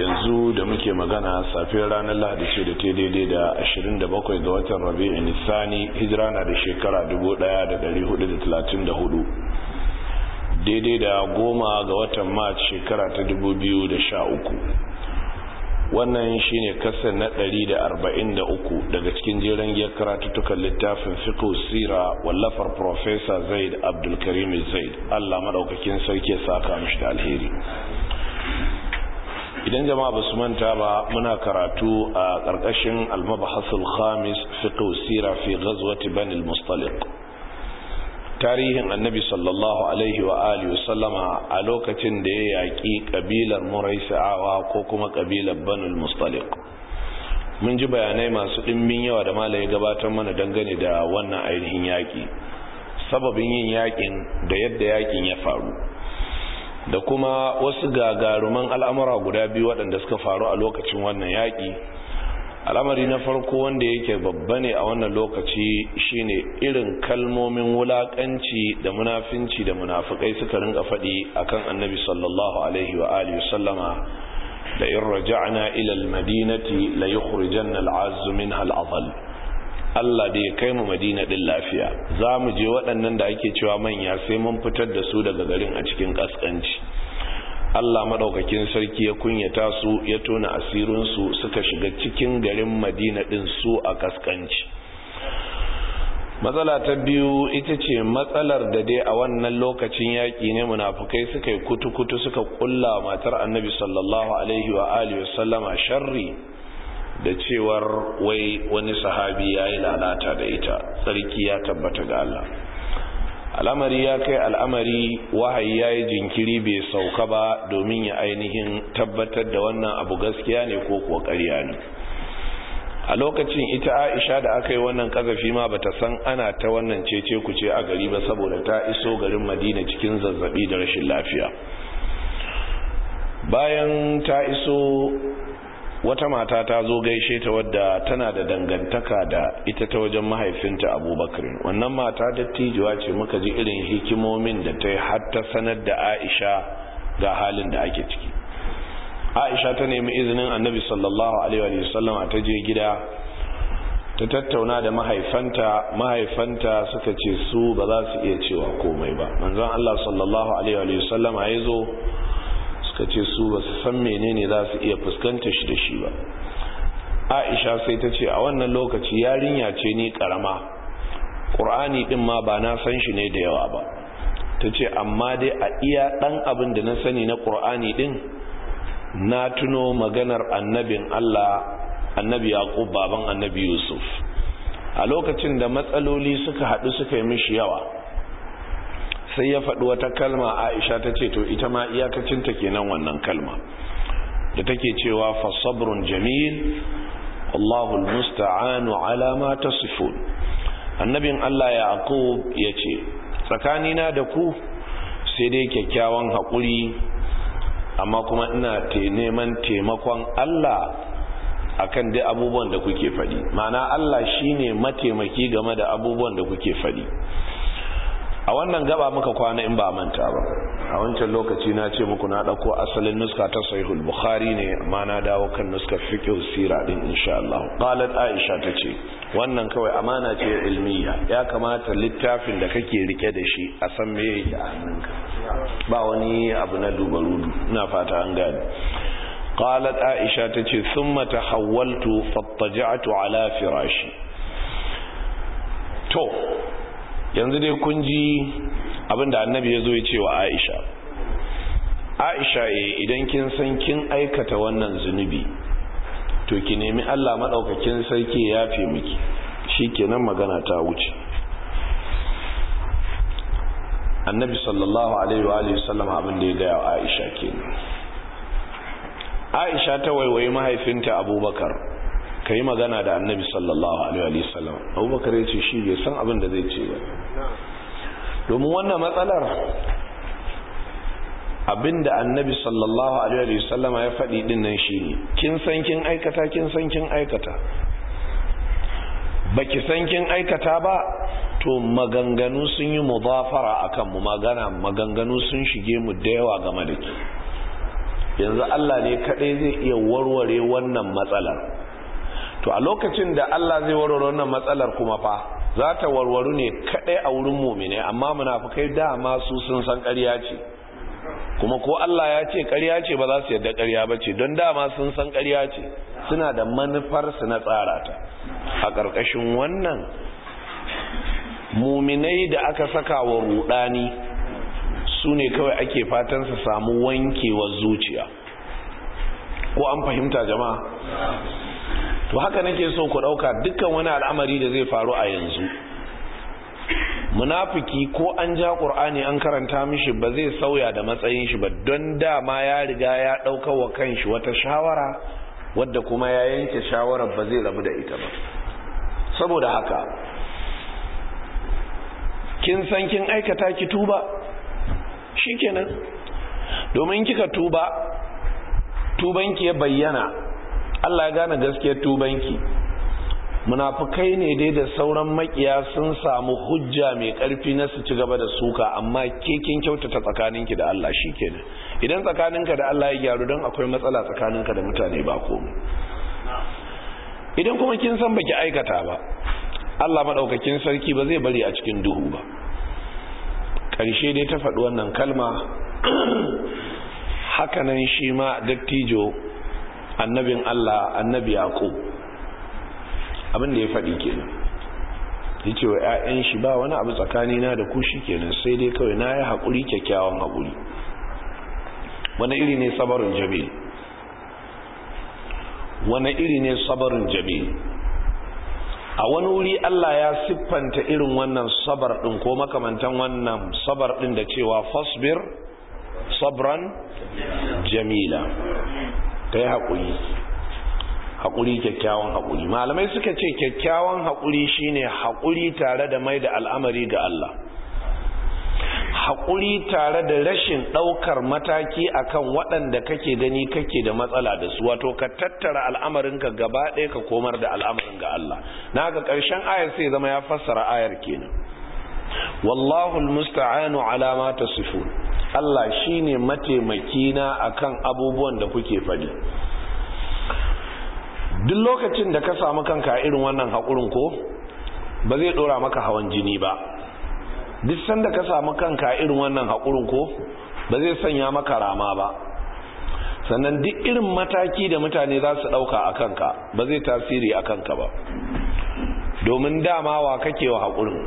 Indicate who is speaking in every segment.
Speaker 1: yanzu da muke magana safiyar ranar lahadi ce da ta daidai da 27 ga watan a nisani hijira na da shekara 1434 daidai da goma ga watan march shekara ta 2013 wannan shine kasa na 143 daga cikin jeren giyar karatuttukan littafin fiko sira wallafar professor zaid abdulkarim zaid allah maɗaukakin sarki ya saka mashi da alheri idan jama'a ba su manta ba muna karatu a ƙarƙashin almabahasul khamis fiqh sira fi ghazwati bani mustaliq tarihin annabi sallallahu alaihi wa alihi sallama a lokacin da ya yaƙi ƙabilar Muraisa'awa ko kuma ƙabilar Banil mustaliq mun ji bayanai masu ɗimbin yawa da malai gabatar mana dangane da wannan ainihin yaƙi sababin yin yaƙin da yadda yaƙin ya faru da kuma wasu gagaruman al'amura guda biyu waɗanda suka faru a lokacin wannan yaƙi al'amari na farko wanda yake babba ne a wannan lokaci shine irin kalmomin wulaƙanci da munafinci da munafukai suka rinka faɗi akan annabi sallallahu alaihi wa alihi sallama da in raja'na ila al-madinati la yukhrijanna al-'azzu minha al Allah da ya kai mu Madina din lafiya za mu je waɗannan da ake cewa manya sai mun fitar da su daga garin a cikin ƙasƙanci Allah madaukakin sarki ya kunyata su ya tona asirin su suka shiga cikin garin Madina din su a ƙasƙanci matsala ta biyu ita ce matsalar da dai a wannan lokacin yaƙi ne munafukai suka yi kutu-kutu suka kulla matar annabi sallallahu alaihi wa alihi sallama sharri da cewar wai wani sahabi ya yi lalata da ita tsarki ya tabbata ga Allah al'amari ya kai al'amari wahayi ya yi jinkiri bai sauka ba domin ya ainihin tabbatar da wannan abu gaskiya ne ko kuwa ƙarya ne a lokacin ita aisha da aka yi wannan kazafi ma bata san ana ta wannan cece ce a gari ba saboda ta iso garin madina cikin zazzabi da rashin lafiya bayan ta iso wata mata ta zo gaishe ta wadda tana da dangantaka da ita ta wajen mahaifinta abubakar wannan mata dattijuwa ce muka ji irin hikimomin da ta yi har sanar da aisha ga halin da ake ciki aisha ta nemi izinin annabi sallallahu alaihi wasallam ta je gida ta tattauna da mahaifanta mahaifanta suka ce su ba za su iya cewa komai ba manzon Allah sallallahu alaihi wasallam ya zo suka ce su ba su san menene za su iya fuskanta shi da shi ba aisha sai ta ce a wannan lokaci yarinya ce ni karama ƙur'ani ɗin ma ba na san shi ne da yawa ba ta ce amma dai a iya ɗan abin da na sani na ƙur'ani ɗin na tuno maganar annabin allah annabi yaƙub baban annabi yusuf a lokacin da matsaloli suka haɗu suka yi mishi yawa sai ya faɗi wata kalma aisha ta ce to ita ma iyakacinta nan wannan kalma da take cewa fa sabrun jamil Allahu almusta'anu ala ma tasifun annabin Allah yaqub yace tsakanina da ku sai dai kyakkyawan hakuri amma kuma ina te neman taimakon Allah akan dai abubuwan da kuke faɗi ma'ana Allah shine mataimaki game da abubuwan da kuke faɗi a wannan gaba muka kwana in ba manta ba a wancan lokaci na ce muku na ɗauko asalin nuska ta sahihul bukhari ne amma na dawo kan nuska fiqh sira din insha Allah qalat aisha tace wannan kawai amana ce ilmiya ya kamata littafin da kake rike da shi a san me yake a hannunka ba wani abu na dubarudu ina fata an gane qalat aisha tace thumma tahawwaltu fattaja'tu ala firashi to yanzu dai kun ji abinda annabi ya zo ya ce wa aisha aisha e idan kin san kin aikata wannan zunubi to ki nemi allah maɗaukakin sarki ya fi miki shi kenan magana ta wuce annabi sallallahu alaihi wa sallam abin da ya gaya wa aisha kenan aisha ta waiwayi mahaifinta abubakar ka yi magana da annabi sallallahu alaihi wasallam abubakar ya ce shi bai san abin da zai ce ba domin wannan matsalar abin da annabi sallallahu alaihi wasallama ya faɗi din nan shi ne kin san kin aikata kin san kin aikata baki san kin aikata ba to maganganu sun yi mudafara akan mu magana maganganu sun shige mu da yawa game da ki yanzu Allah ne kadai zai iya warware wannan matsalar to a lokacin da Allah zai warware wannan matsalar kuma fa za ta warwaru ne kadai a wurin mumine amma munafikai dama su sun san ƙarya ce kuma ko Allah ya ce ƙarya ce ba za su yadda ƙarya ba ce don dama sun san ƙarya ce suna da manufar su na tsara ta a ƙarƙashin wannan muminai da aka saka wa rudani su ne kawai ake fatan su samu wankewar zuciya ko an fahimta jama'a to haka nake so ku ɗauka dukkan wani al'amari da zai faru a yanzu munafiki ko an ja ƙur'ani an karanta mishi ba zai sauya da matsayin shi ba don dama ya riga ya ɗauka wa kanshi wata shawara wadda kuma ya yanke shawarar ba zai rabu da ita ba saboda haka kin san kin aikata ki tuba shikenan domin kika tuba tubanki ya bayyana Allah ya gane gaskiyar tubanki munafukai ne dai da sauran makiya sun samu hujja mai karfi na su ci gaba da suka amma ke kin kyautata tsakaninki da Allah shi kenan idan tsakaninka da Allah ya gyaru don akwai matsala tsakaninka da mutane ba komai idan kuma kin san baki aikata ba Allah madaukakin sarki ba zai bari a cikin duhu ba karshe dai ta faɗi wannan kalma hakanan shi ma dattijo annabin Allah annabi yaqo abin da ya faɗi kenan yace wa ƴaƴan shi ba wani abu tsakani na da ku shikenan sai dai kawai na yi hakuri kyakkyawan hakuri wani iri ne sabarun jabi wani iri ne sabarun jabi a wani wuri Allah ya siffanta irin wannan sabar din ko makamantan wannan sabar din da cewa fasbir sabran jamila ta yi haƙuri haƙuri kyakkyawan haƙuri malamai suka ce kyakkyawan haƙuri shine haƙuri tare da mai da al'amari ga Allah haƙuri tare da rashin ɗaukar mataki akan waɗanda kake gani kake da matsala da su wato ka tattara al'amarinka gaba ɗaya ka komar da al'amarin ga Allah na ga ƙarshen ayar sai zama ya fassara ayar kenan wallahu musta'anu ala ma tasifun Allah shine mataimaki na akan abubuwan da kuke fadi duk lokacin da ka samu kanka irin wannan hakurin ko ba zai dora maka hawan jini ba duk sanda ka samu kanka irin wannan hakurin ko ba zai sanya maka rama ba sannan duk irin mataki da mutane za su ɗauka a kanka ba zai tasiri a kanka ba domin dama wa kake wa haƙurin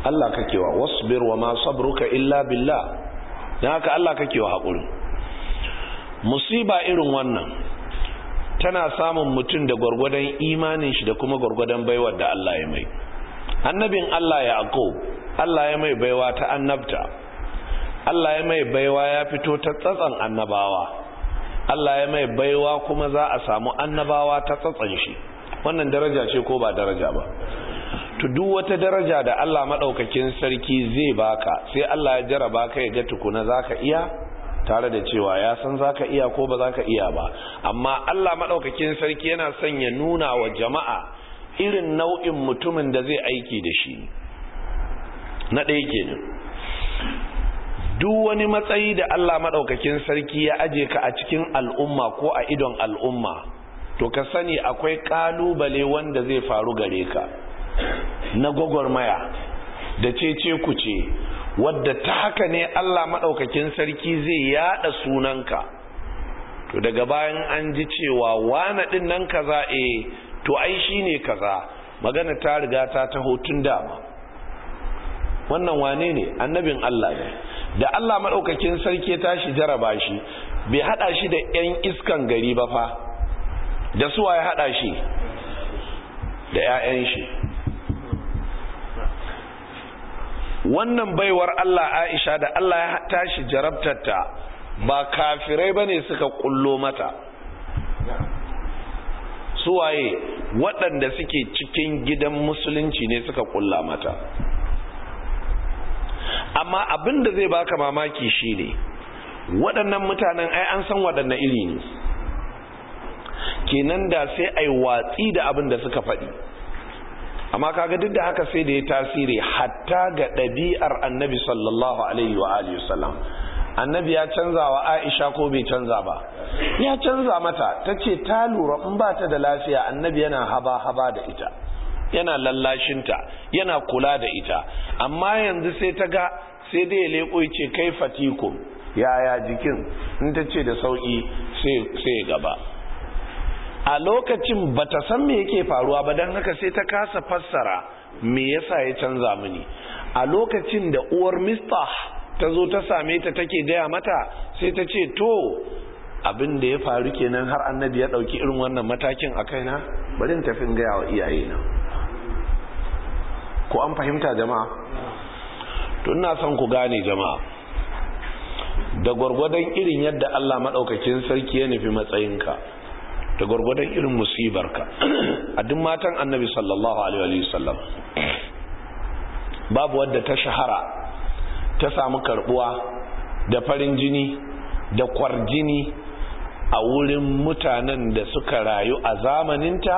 Speaker 1: Allah kake wa wasbir wa ma sabruka illa billah Don haka Allah ka wa haƙuri. musiba irin wannan tana samun mutum da gwargwadon imanin shi da kuma gwargwadon baiwar da Allah ya mai annabin Allah ya ako Allah ya mai baiwa ta annabta Allah ya mai baiwa ya fito ta tsatsan annabawa Allah ya mai baiwa kuma za a samu annabawa ta tsatsan shi wannan daraja ce ko ba daraja ba to duk wata daraja da Allah madaukakin sarki zai baka sai Allah ya jaraba ka ya ga tukuna zaka iya tare da cewa ya san zaka iya ko ba zaka iya ba amma Allah madaukakin sarki yana son ya nuna wa jama'a irin nau'in mutumin da zai aiki da shi na ɗaya kenan duk wani matsayi da Allah maɗaukakin sarki ya aje ka a cikin al'umma ko a idon al'umma to ka sani akwai ƙalubale wanda zai faru gare ka na gwagwarmaya da cece ce, wadda ta haka ne Allah maɗaukakin sarki zai yaɗa sunanka to daga bayan an ji cewa wane ɗin nan kaza e to ai shi ne kaza magana ta riga ta taho tun dama wannan wane ne annabin Allah ne da Allah maɗaukakin sarki tashi jaraba shi bai haɗa shi da 'yan iskan gari ba fa da suwa ya haɗa shi da 'ya'yan shi wannan baiwar Allah Aisha da Allah ya tashi jarabtarta ba kafirai bane suka kullo mata suwaye waɗanda suke cikin gidan musulunci ne suka kulla mata amma abin da zai baka mamaki shine waɗannan mutanen ai an san waɗannan iri ne kenan da sai ai watsi da abin da suka faɗi amma kaga duk da haka sai da ya tasiri hatta ga ɗabi'ar annabi sallallahu alaihi wa alihi wasallam annabi ya canza wa aisha ko bai canza ba ya canza mata ta ce ta lura in ba ta da lafiya annabi yana haba haba da ita yana lallashinta yana kula da ita amma yanzu sai ta ga sai dai leko ce kai fatikum yaya jikin in ta ce da sauki sai ya gaba a lokacin bata san me yake faruwa ba don haka sai ta kasa fassara me yasa ya canza mini a lokacin da uwar mista ta zo ta same ta take gaya mata sai ta ce to abin da ya faru kenan har annabi ya dauki irin wannan matakin a kaina bari in tafi gaya wa iyayena ko an fahimta jama'a to ina son ku gane jama'a da gwargwadon irin yadda Allah madaukakin sarki ya nufi matsayinka da gwargwadon irin musibarka a duk matan annabi sallallahu alaihi wasallam babu wadda ta shahara ta samu karbuwa da farin jini da kwarjini a wurin mutanen da suka rayu a zamaninta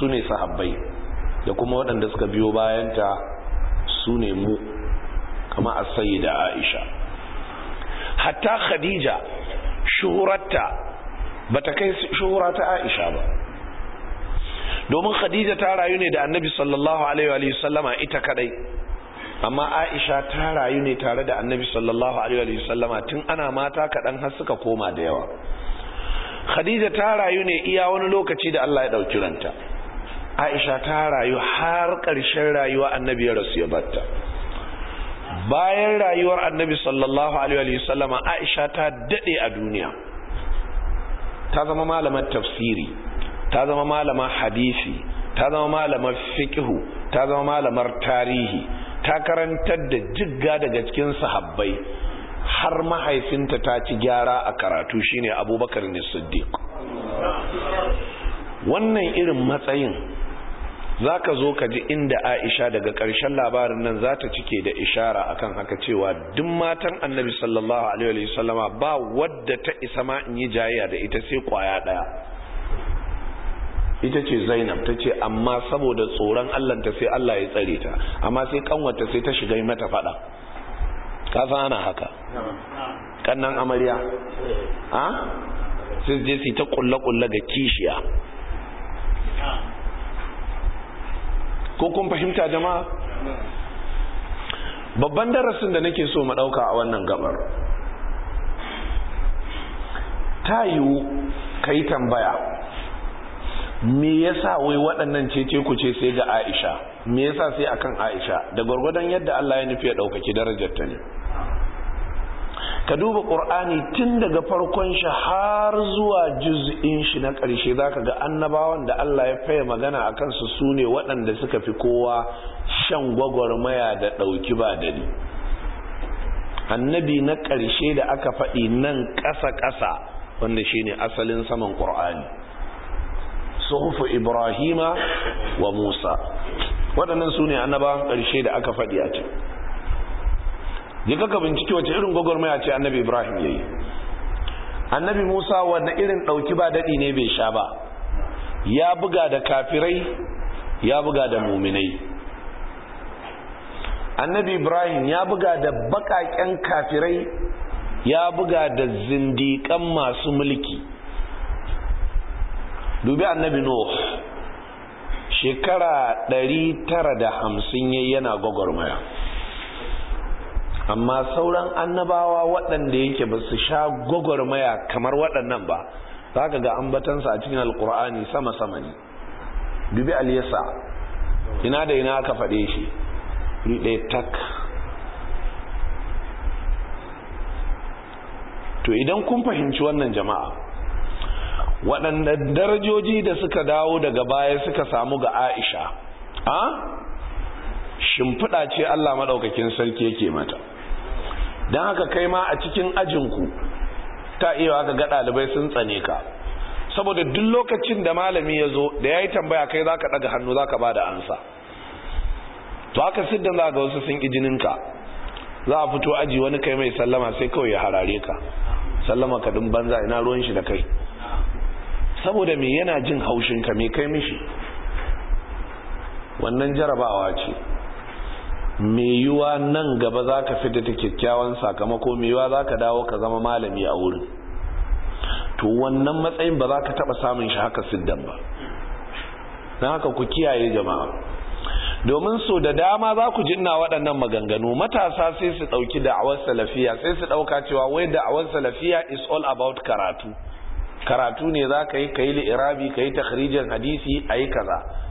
Speaker 1: su ne sahabbai da kuma waɗanda suka biyo bayanta su ne mu kama a sayi da aisha hatta khadija shuhurarta bata kai shuhura ta Aisha ba domin Khadija ta rayu ne da Annabi sallallahu alaihi wa sallama ita kadai amma Aisha ta rayu ne tare da Annabi sallallahu alaihi wa sallama tun ana mata kaɗan har suka koma da yawa Khadija ta rayu ne iya wani lokaci da Allah ya ɗauki ranta Aisha ta rayu har ƙarshen rayuwa Annabi ya rasu ya batta bayan rayuwar Annabi sallallahu alaihi wa sallama Aisha ta dade a duniya ta zama malamar tafsiri ta zama malamar hadisi ta zama malamar fikihu ta zama malamar tarihi ta karantar da jigga daga cikin sahabbai har mahaifinta ta ci gyara a karatu shine abubakar ne siddiq wannan irin matsayin za ka zo ka ji inda aisha daga ƙarshen labarin nan za ta cike da ishara akan haka cewa duk matan annabi sallallahu alaihi wasallama ba wadda ta isa ma in yi jayya da ita sai kwaya ɗaya ita ce zainab ta ce amma saboda tsoron allanta sai allah ya tsare ta amma sai kanwata sai ta shiga mata faɗa ka ana haka kannan amarya ha ah? sai je su ta kulle-kulle ga kishiya ko kun fahimta jama'a babban darasin da nake so mu ɗauka a wannan gabar ta yiwu kai tambaya me yasa wai waɗannan cece ku ce sai ga aisha me yasa sai akan aisha da gwargwadon yadda allah ya nufi ya ɗaukaki darajar ta ne ka duba ƙur'ani tun daga farkon shi har zuwa juz'in shi na ƙarshe za ka ga annabawan da Allah ya faya magana a kansu su ne waɗanda suka fi kowa shan gwagwarmaya da ɗauki ba dani annabi na ƙarshe da aka faɗi nan ƙasa-ƙasa wanda shi ne asalin saman ƙur'ani suhufu ibrahima wa musa waɗannan su ne annabawan ƙarshe da aka faɗi a can je ka bincike wace irin gwagwarmaya ce annabi ibrahim ya yi annabi musa wanda irin ɗauki ba daɗi ne bai sha ba ya buga da kafirai ya buga da muminai annabi ibrahim ya buga da baƙaƙen kafirai ya buga da zindiƙan masu mulki dubi annabi nuh shekara 950 yayi yana gwagwarmaya amma sauran annabawa waɗanda yake ba su sha gwagwarmaya kamar waɗannan ba za ka ga ambatansa a cikin alkur'ani sama-sama ne dubi aliyasa ina da ina aka faɗe shi riɗe tak to idan kun fahimci wannan jama'a waɗanda darajoji da suka dawo daga baya suka samu ga aisha a shimfiɗa ce allah maɗaukakin sarki yake mata don haka kai ma a cikin ajinku ta iya ka ga ɗalibai sun tsane ka saboda duk lokacin da malami ya zo da ya yi tambaya kai za ka ɗaga hannu za ka ba da ansa to haka siddan za ga wasu sun ƙi jininka za a fito aji wani kai mai sallama sai kawai ya harare ka sallama ka ɗin banza ina ruwan shi da kai saboda me yana jin haushinka mai kai mishi wannan jarabawa ce mai yiwa nan gaba za ka fita ta kyakkyawan sakamako mai yiwa za ka dawo ka zama malami a wurin to wannan matsayin ba za ka taɓa samun shi haka siddan ba na haka ku kiyaye jama'a domin so da dama za ku jinna waɗannan maganganu matasa sai su ɗauki da'awar salafiya sai su ɗauka cewa wai da'awar salafiya is all about karatu karatu ne za ka yi ka yi li'irabi ka yi takhrijin hadisi a yi kaza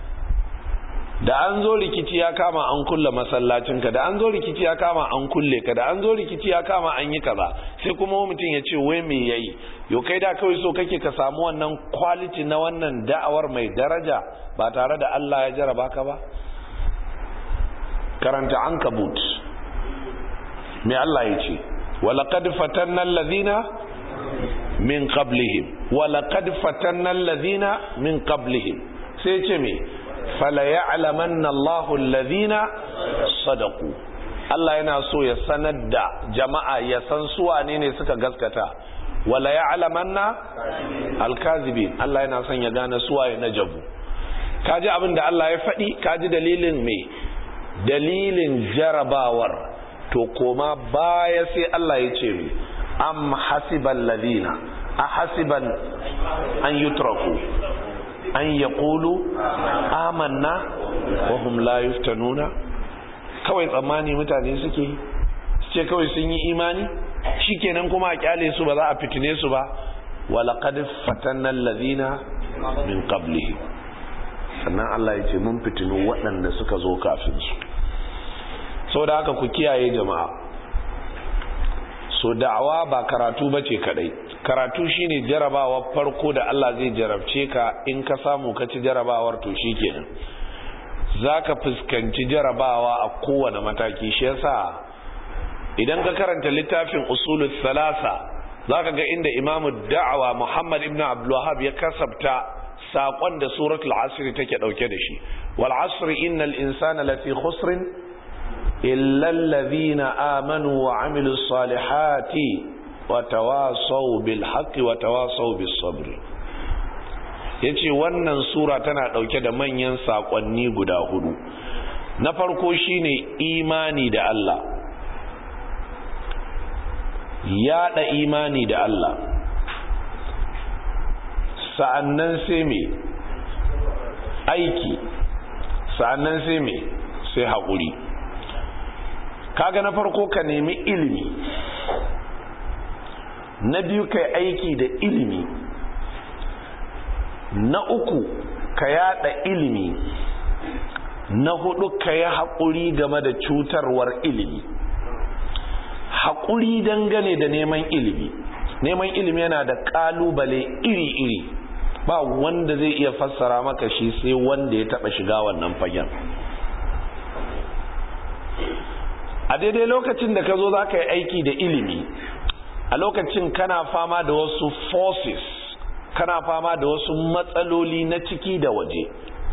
Speaker 1: da an zo rikici ya kama an kulle masallacinka da an zo rikici ya kama an kulle ka da an zo rikici ya kama an yi kaza sai kuma mutum ya ce wai me yayi yo kai da kawai so kake ka samu wannan quality na wannan da'awar mai daraja ba tare da Allah ya jaraba ka ba karanta an kabut me Allah ya ce walaqad fatanna allazina min qablihim walaqad fatanna allazina min qablihim sai ce me fala ya'lamanna Allahu alladhina sadaku. Allah yana so ya sanar da jama'a ya san su wane ne suka gaskata wala ya'lamanna alkazibin Allah yana son ya gane su na jabu kaji abin da Allah ya faɗi kaji dalilin me dalilin jarabawar to koma baya sai Allah ya ce mu am hasiban ladina a hasiban an turaku. an yaqulu amanna wa hum la yuftanuna kawai tsammani mutane suke su ce kawai sun yi imani shikenan kuma a kyale su ba za a fitine su ba walaqad fatanna allazina min qablihi sannan Allah ya ce mun fitinu waɗanda suka zo kafin su sau da haka ku kiyaye jama'a so da'awa ba karatu bace ce kadai karatu shine jarabawar farko da Allah zai jarabce ka in ka samu ka ci jarabawar to shikenan zaka fuskanci jarabawa a kowane mataki shi yasa idan ka karanta littafin usulus salasa zaka ga inda Imam da'awa Muhammad ibn Abdul Wahhab ya kasabta saƙon da suratul asiri take ɗauke da shi wal asri innal insana lafi khusrin illal ladhina amanu wa amilus salihati watawasau bil haqqi watawasau bis ya ce wannan sura tana dauke da manyan saƙonni guda hudu na farko shine imani da Allah Yaɗa imani da Allah sa'annan sai mai aiki sa'annan sai mai sai haƙuri kaga na farko ka nemi ilimi na biyu kai aiki da ilimi na uku ka yada ilimi na hudu ka yi haƙuri game da cutarwar ilimi haƙuri dangane da neman ilimi neman ilimi yana da ƙalubale iri-iri ba wanda zai iya fassara maka shi sai wanda ya taɓa shiga wannan fagen a daidai lokacin da ka zo za ka yi aiki da ilimi a lokacin kana fama da wasu forces kana fama da wasu matsaloli na ciki da waje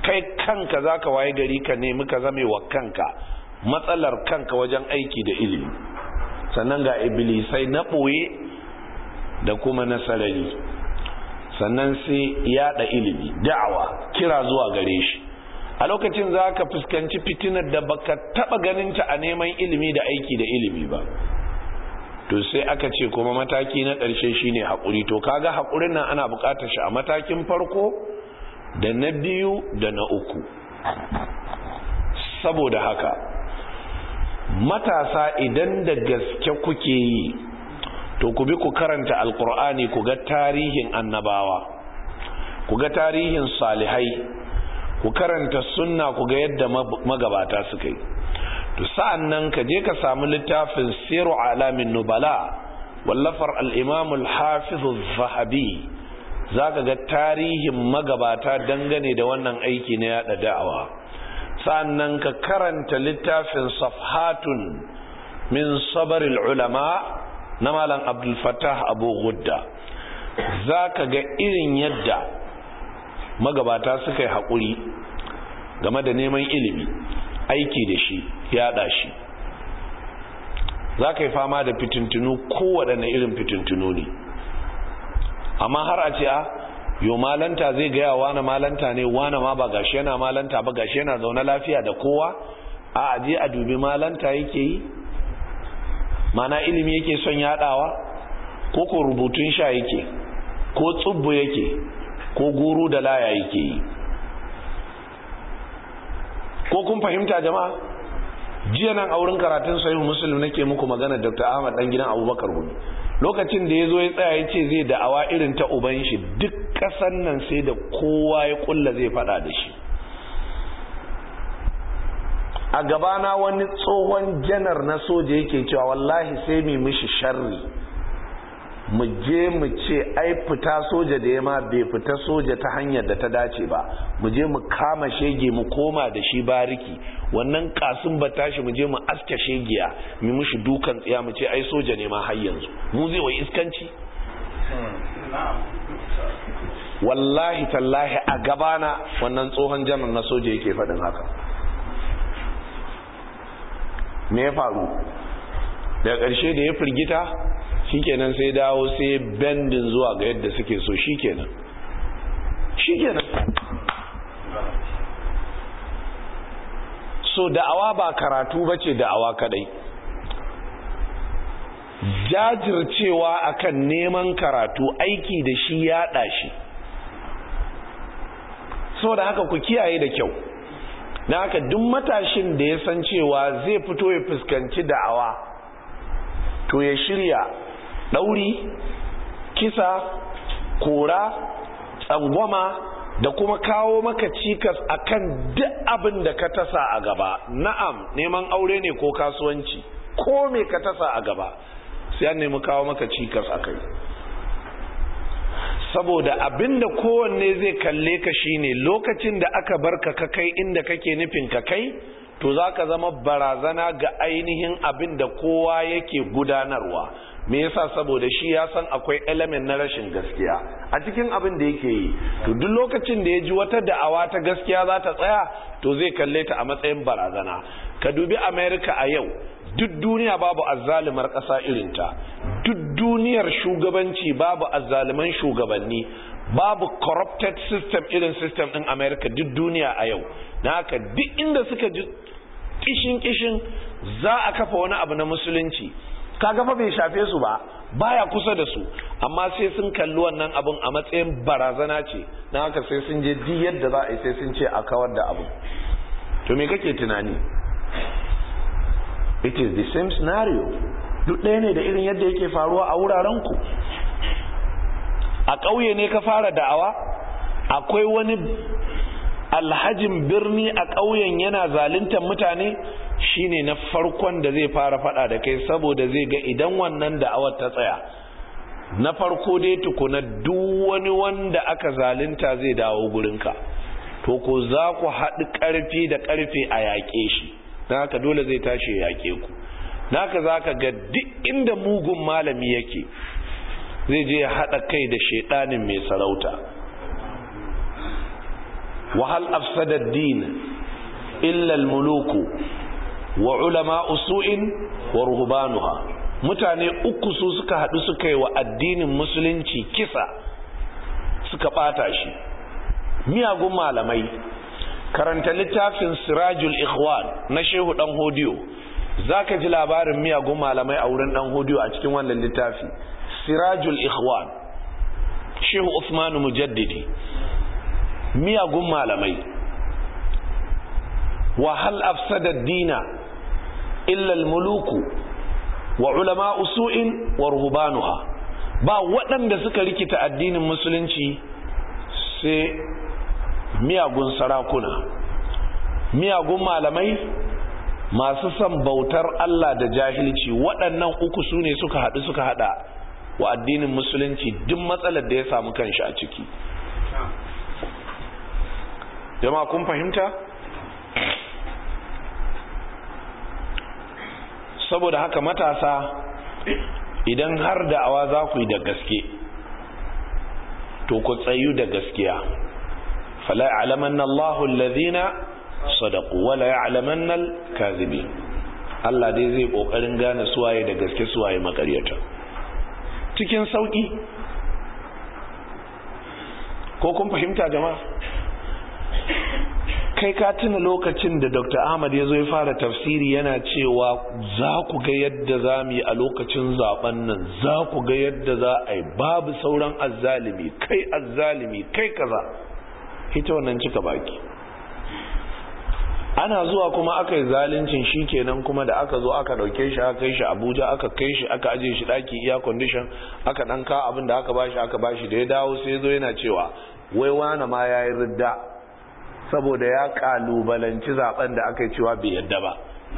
Speaker 1: kai kanka za ka waye gari ka nemi ka zame wa kanka matsalar kanka wajen aiki da ilimi sannan ga iblisai na ɓoye da kuma na sarari sannan sai yada ilimi da'awa kira zuwa gare shi a lokacin za ka fuskanci fitinar da baka taba ganinta a neman ilimi da aiki da ilimi ba to sai aka ce kuma mataki na ƙarshe shine haƙuri to kaga haƙurin nan ana buƙatar shi a matakin farko da na biyu da na uku saboda haka matasa idan da gaske kuke yi to ku bi ku karanta alkur'ani ku ga tarihin annabawa ku ga tarihin salihai ku karanta sunna ku ga yadda magabata suka yi to sa'an nan ka je ka samu littafin siru alamin nubala wallafar al'imamul al-hafizu zahabi za ka ga tarihin magabata dangane da wannan aiki na yada da'awa sa'an nan ka karanta littafin safhatun min sabaril ulama na malam abdulfatah abu gudda za ka ga irin yadda magabata suka yi haƙuri game da neman ilimi aiki da shi yada shi za ka yi fama da fitintunu kowaɗanne irin fitintunu ne amma har a ce a ah, yo malanta zai gaya wane malanta ne wane ma ba gashi yana malanta ba gashi yana zaune lafiya da kowa a aje a dubi malanta yake yi mana ilimi yake son yadawa ko ko rubutun sha yake ko tsubbu yake ko guru da laya yake yi ko kun fahimta jama'a jiya nan a wurin karatun sahihu muslim nake muku magana dr ahmad dan gidan abubakar gumi lokacin da ya zo ya tsaya ya ce zai da'awa irin ta uban shi duk ƙasan nan sai da kowa ya kulla zai faɗa da shi a gabana wani tsohon janar na soja yake cewa wallahi sai mai mishi sharri mu je mu ce ai fita soja da yama bai fita soja ta hanyar da ta dace ba mu je mu kama shege mu koma da shi bariki wannan kasin ba tashi mu je mu aske shegiya mu mushi dukan tsiya mu ce ai soja ne ma har yanzu mu zai wai iskanci wallahi tallahi a gabana wannan tsohon janar na soja yake faɗin haka me ya faru daga ƙarshe da ya firgita shikenan sai dawo sai bendin zuwa ga yadda suke so shikenan shikenan so da'awa ba karatu bace da'awa kadai jajircewa akan neman karatu aiki da shi ya shi so da haka ku kiyaye da kyau na haka duk matashin da ya san cewa zai fito ya fuskanci da'awa to ya shirya ɗauri kisa kora tsangwama da kuma kawo maka cikas akan duk abin da ka tasa a gaba na'am neman aure ne ko kasuwanci ko me ka tasa a gaba sai an nemi kawo maka cikas a kai saboda abinda kowanne zai kalle ka shine lokacin da aka barka ka kai inda kake nufin ka kai to za ka zama barazana ga ainihin abin da kowa yake gudanarwa me yasa saboda shi ya san akwai element na rashin gaskiya a cikin abin da yake yi to duk lokacin da ya ji wata da'awa ta gaskiya za ta tsaya to zai kalle ta a matsayin barazana ka dubi america a yau duk duniya babu azzalimar ƙasa irinta duk duniyar shugabanci babu azzaluman shugabanni babu corrupted system irin system ɗin america duk duniya a yau na haka duk inda suka ji kishin kishin za a kafa wani abu na musulunci kaga fa bai shafe su ba baya kusa da su amma sai sun kalli wannan abun a matsayin barazana ce na haka sai sun je di yadda za a sai sun ce a kawar da abu to me kake tunani it is the same scenario duk ɗaya ne da irin yadda yake faruwa a wuraren ku a ƙauye ne ka fara da'awa akwai wani alhajin birni a ƙauyen yana zaluntar mutane shine na farkon da zai fara fada da kai saboda zai ga idan wannan da'awar ta tsaya na farko dai tukuna duk wani wanda aka zalunta zai dawo gurinka to ko za ku haɗu ƙarfi da ƙarfe a yaƙe shi Na haka dole zai tashi ya yaƙe ku Na naka za ka ga duk inda mugun malami yake zai je ya haɗa kai da shaiɗanin mai sarauta wahal afsadar din illal muluku wa ulama usu'in wa ruhbanuha mutane uku su suka hadu suka yi wa addinin musulunci kisa suka bata shi miyagun malamai karanta littafin sirajul ikhwan na shehu dan hodiyo zaka ji labarin miyagun malamai a wurin dan hodiyo a cikin wannan littafi sirajul ikhwan shehu usman mujaddidi miyagun malamai wahal afsada dina illa almuluku wa ulama usu'in wa ruhbanuha ba waɗanda suka rikita addinin musulunci sai miyagun sarakuna miyagun malamai masu son bautar Allah da jahilci waɗannan uku sune suka haɗu suka haɗa wa addinin musulunci duk matsalar da ya samu kanshi a ciki jama'a kun fahimta saboda haka matasa idan har da'awa za ku yi da gaske to ku tsayu da gaskiya fala alamanna Allahu alladhina sadaqu wala ya'lamanna al-kadhibin Allah dai zai kokarin gane suwaye da gaske suwaye makaryata cikin sauki ko kun fahimta jama'a kai ka tuna lokacin da dr ahmad ya zo ya fara tafsiri yana cewa za ku ga yadda za mu yi a lokacin zaben nan za ku ga yadda za a yi babu sauran azzalimi kai azzalimi kai kaza ita wannan cika baki ana zuwa kuma aka yi zalincin shi kenan kuma da aka zo aka ɗauke shi aka kai shi abuja aka kai shi aka aje shi daki iya condition aka dan ka abin da aka bashi aka bashi da ya dawo sai ya zo yana cewa wai wani ma ya yi ridda saboda ya kalubalanci zaben da aka yi cewa bai yadda ba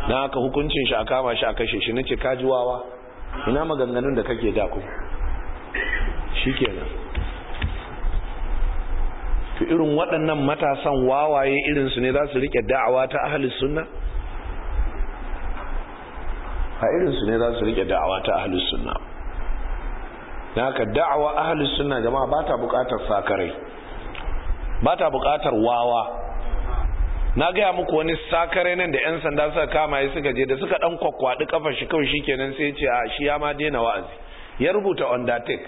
Speaker 1: na aka hukuncin shi a kama shi a kashe shi nace ka wawa ina maganganun da kake da ku shikenan to irin waɗannan matasan wawaye irinsu ne za su rike da'awa ta ahli sunna a irinsu ne za su rike da'awa ta ahli sunna na aka da'awa ahli sunna jama'a ba ta bukatar sakarai ba ta buƙatar wawa na gaya muku wani sakare nan da 'yan sanda suka kama ya suka je da suka ɗan kwakwaɗi kafa shi kawai shi kenan sai ce a shi ya ma daina wa'azi ya rubuta undertake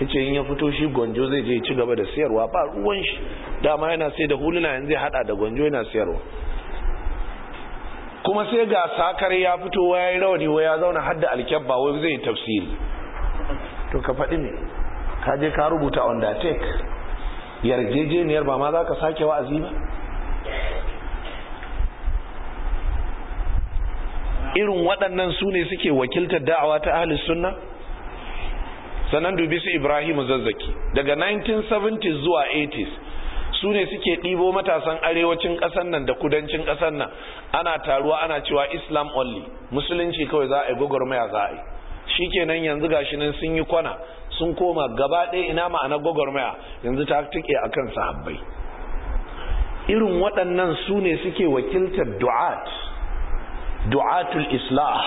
Speaker 1: ya ce in ya fito shi gwanjo zai je ci gaba da siyarwa ba ruwan shi dama yana sai da huluna yanzu ya haɗa da gwanjo yana siyarwa kuma sai ga sakare ya fito waya yi rawani waya zauna har da alkyabba wai zai tafsiri to ka faɗi ne ka je ka rubuta undertake yarjejeniyar ba ma za ka sake wa'azi ba irin waɗannan su ne suke wakiltar da'awa ta ahli sunna sannan dubi su ibrahim zazzaki daga 1970s zuwa 80s su ne suke ɗibo matasan arewacin ƙasan nan da kudancin ƙasar nan ana taruwa ana cewa islam only musulunci kawai za a yi gwagwarmaya za a yi shi nan yanzu gashi nan sun yi kwana sun koma gaba ɗaya ina ma'ana gwagwarmaya yanzu ta tike a kan sahabbai irin waɗannan su ne suke wakiltar du'at du'atul islah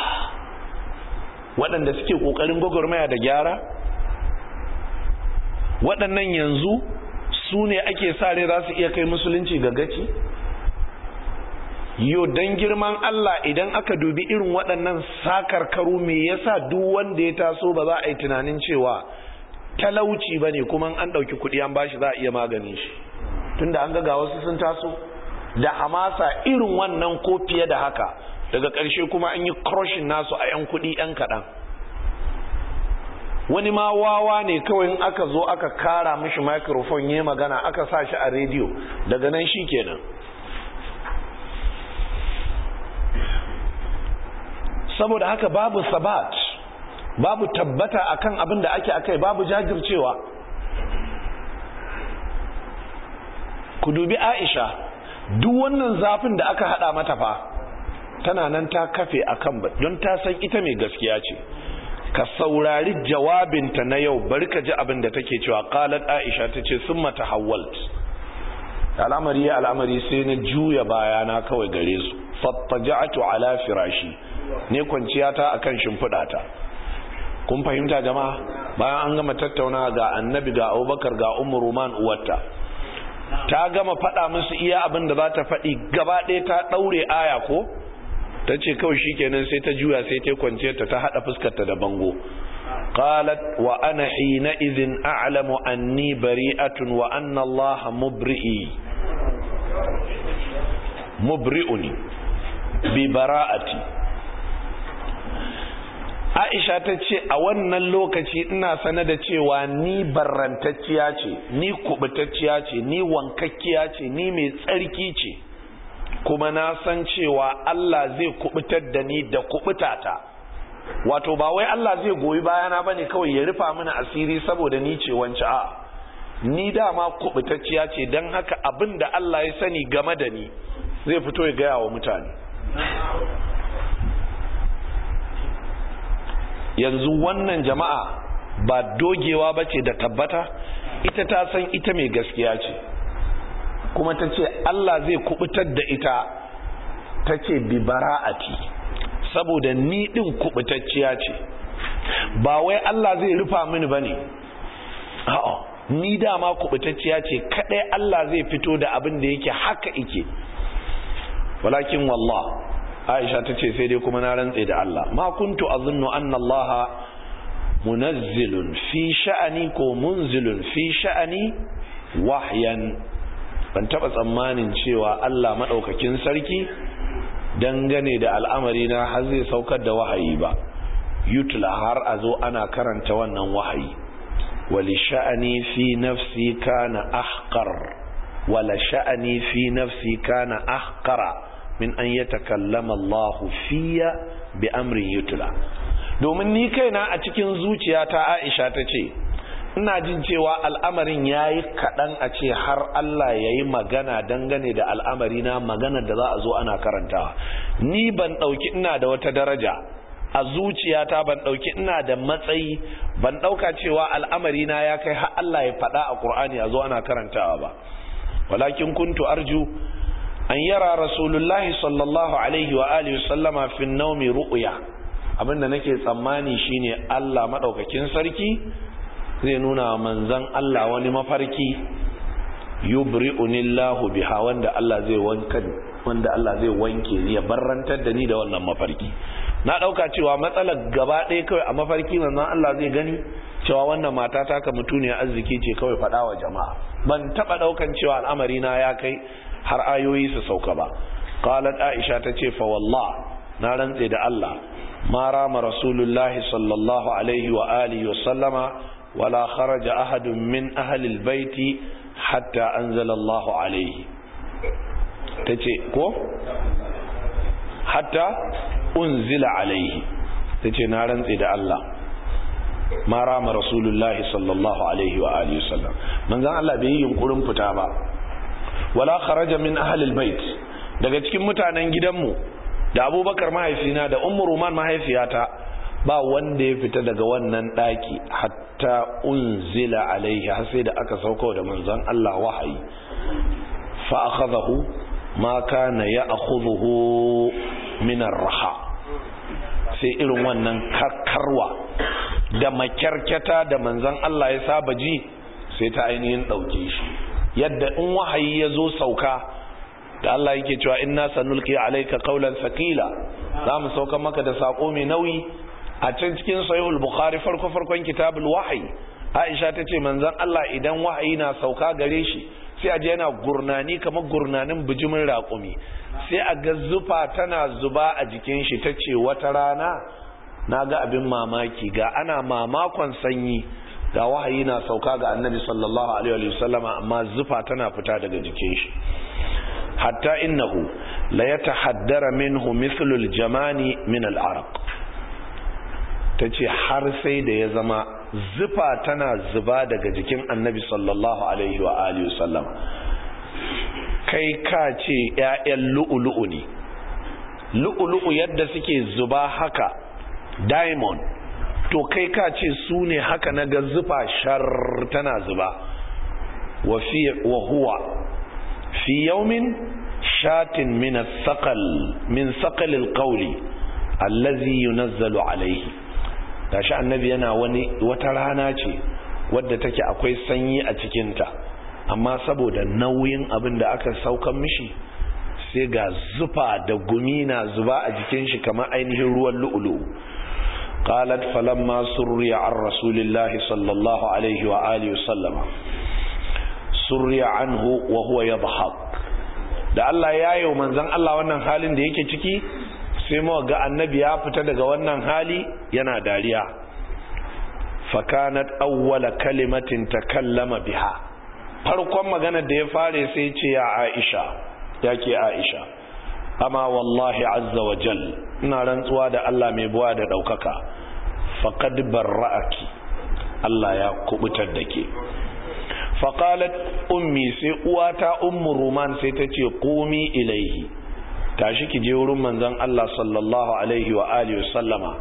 Speaker 1: waɗanda suke ƙoƙarin gwagwarmaya da gyara waɗannan yanzu su ne ake sa rai za su iya kai musulunci ga gaci yo don girman Allah idan aka dubi irin waɗannan sakarkaru me yasa duk wanda ya taso ba za a yi tunanin cewa talauci ba ne kuma an ɗauki kuɗi an bashi za a iya maganin shi tunda an ga wasu sun taso da hamasa irin wannan ko fiye da haka daga ƙarshe kuma an yi kroshin nasu a 'yan kuɗi 'yan kaɗan wani ma wawa ne kawai in aka zo aka kara mishi microphone ya magana aka sa shi a rediyo daga nan shi kenan saboda haka babu sabat babu tabbata akan abin da ake akai babu jajircewa ku dubi aisha duk wannan zafin da aka hada mata fa tana nan ta kafe akan ba don ta san ita mai gaskiya ce ka saurari jawabinta na yau bari ka ji abin da take cewa qalat aisha tace summa tahawwalt al'amari ya al'amari sai na juya bayana kawai gare su fattaja'tu ala firashi ne kwanciya ta akan ta. kun fahimta jama'a bayan an gama tattauna ga annabi ga abubakar ga umar roman uwarta ta gama faɗa musu iya abin da za ta faɗi gaba ɗaya ta ɗaure aya ko ta ce kawai shi kenan sai ta juya sai ta kwance ta ta haɗa fuskarta da bango قالت a'lamu anni bari'atun wa anna allah mubri'i mubri'uni bi bara'ati aisha ta ce a wannan lokaci ina sane da cewa ni barrantacciya ce ni kubutacciya ce ni wankakkiya ce ni mai tsarki ce kuma na san cewa Allah zai kubutar da ni da kubutata wato ba wai Allah zai goyi bayana ne kawai ya rufa mini asiri saboda ni ce wance a ni dama kubutacciya ce don haka abin da Allah ya sani game da ni zai fito ya gaya wa mutane yanzu wannan jama'a ba dogewa ba ce da tabbata ita ta san ita mai gaskiya ce kuma ta ce Allah zai kubutar da ita ta ce bi bara'ati saboda ni din kubutacciya ce ba wai Allah zai rufa mini bane a'a ni dama kubutacciya ce kadai Allah zai fito da abin da yake haka ike walakin wallah aisha ta ce sai dai kuma na rantse da Allah ma kuntu azunnu anna Allah munazzilun fi sha'ani ko munzilun fi sha'ani wahyan ban taba tsammanin cewa Allah madaukakin sarki dangane da al'amari na har zai saukar da wahayi ba yutla har a zo ana karanta wannan wahayi wali sha'ani fi nafsi kana ahqar wala sha'ani fi nafsi kana ahqara min an ya takallama Allahu fiya bi amri yutla domin ni kaina a cikin zuciyata Aisha ta ce ina jin cewa al'amarin yayi kaɗan a ce har Allah yayi magana dangane da al'amari na magana da za a zo ana karantawa ni ban ɗauki ina da wata daraja a zuciyata ban ɗauki ina da matsayi ban ɗauka cewa al'amarina ya kai har Allah ya faɗa a Qur'ani a zo ana karantawa ba walakin kuntu arju an yara rasulullahi sallallahu alaihi wa alihi sallama fi naumi ru'ya abinda nake tsammani shine Allah madaukakin sarki zai nuna manzan Allah wani mafarki yubri'unillahu biha wanda Allah zai wanka wanda Allah zai wanke ya barrantar da ni da wannan mafarki na dauka cewa matsalar gaba ɗaya kawai a mafarki manzan Allah zai gani cewa wannan mata ta ka mutuniyar arziki ce kawai faɗawa jama'a ban taɓa ɗaukan cewa al'amari na ya kai har ayoyi su sauka ba qalat aisha tace fa wallah na rantse da Allah ma rama rasulullahi sallallahu alaihi wa alihi wa sallama wala kharaja ahadun min ahli albayti hatta anzala Allah alaihi tace ko hatta unzila alaihi tace na rantse da Allah ma rama rasulullahi sallallahu alaihi wa alihi wa sallam manzon Allah bai yi yunkurin fita ba wala kharaja min ahlil bait daga cikin mutanen gidanmu da abubakar mahaifina da ummu ruman mahaifiyata ba wanda ya fita daga wannan daki hatta unzila alaihi har sai da aka sauko da manzon Allah wahayi fa akhadahu ma kana ya'khudhuhu min arha raha sai irin wannan karkarwa da makyarkyata da manzon Allah ya saba ji sai ta ainihin dauke shi yadda in wahayi ya zo sauka da Allah yake cewa inna sanulki alayka qawlan thaqila za mu sauka maka da sako mai nauyi a can cikin sahihul bukhari farko farkon kitabul wahyi aisha ta ce manzon Allah idan wahayi na sauka gare shi sai a je yana gurnani kamar gurnanin bijimin raƙumi sai a ga zufa tana zuba a jikin shi ta ce wata rana na ga abin mamaki ga ana mamakon sanyi ga wahayi na sauka ga annabi sallallahu alaihi wasallama amma zufa tana fita daga jikin shi hatta innahu la yatahaddara minhu mithlu al-jamani min al-araq tace har sai da ya zama zufa tana zuba daga jikin annabi sallallahu alaihi wa alihi kai ka ce ƴaƴan lu'ulu'u ne lu'ulu'u yadda suke zuba haka diamond to kai ka ce su ne haka na ga zufa shar tana zuba wa huwa fi yaumin shatin min saqal min saqal alqawli allazi yunazzalu alayhi shi annabi yana wani wata rana ce wadda take akwai sanyi a cikinta amma saboda nauyin abin da aka saukan mishi sai ga zufa da gumi na zuba a jikin shi kamar ainihin ruwan lu'ulu'u قالت فلما سري عن رسول الله صلى الله عليه وآله وسلم سري عنه وهو يضحك da Allah ya yi manzon Allah wannan halin da yake ciki sai mu ga annabi ya fita daga wannan hali yana dariya fakanat awwala kalimatin takallama biha farkon maganar da ya fare sai ce ya Aisha yake Aisha amma wallahi azza wa jal ina rantsuwa da Allah mai buwa da daukaka faqad barra'aki Allah ya kubutar da ke faqalat ummi sai uwata ummu ruman sai ta ce qumi ilaihi tashi ki je wurin manzon Allah sallallahu alaihi wa alihi wasallama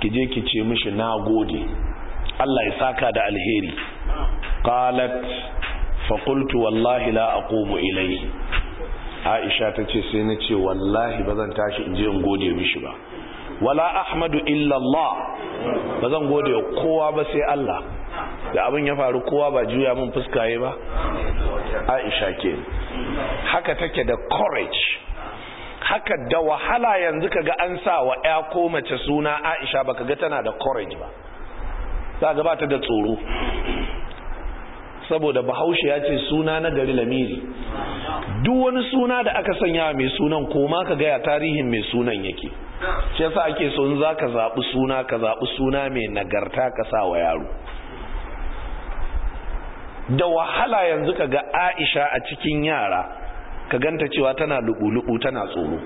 Speaker 1: ki je ki ce mishi nagode Allah ya saka da alheri qalat fa qultu wallahi la aqumu ilaihi. aisha ta ce sai na ce wallahi ba zan tashi in je in gode mishi ba wala ahmadu illallah ba zan gode kowa ba sai Allah da abin ya faru kowa ba juya mun fuskaye ba aisha ke haka take da courage haka da wahala yanzu kaga an sa wa ya ko mace suna aisha baka ga tana da courage ba za ga ba ta da tsoro saboda bahaushe ya ce suna na gari lamiri duk wani suna da aka sanya mai sunan ko ma ka gaya tarihin mai sunan yake ce sa ake so in ka zaɓi suna ka zaɓi suna mai nagarta ka sa wa yaro da wahala yanzu ka ga Aisha a cikin yara ka ganta cewa tana lubu-lubu tana tsoro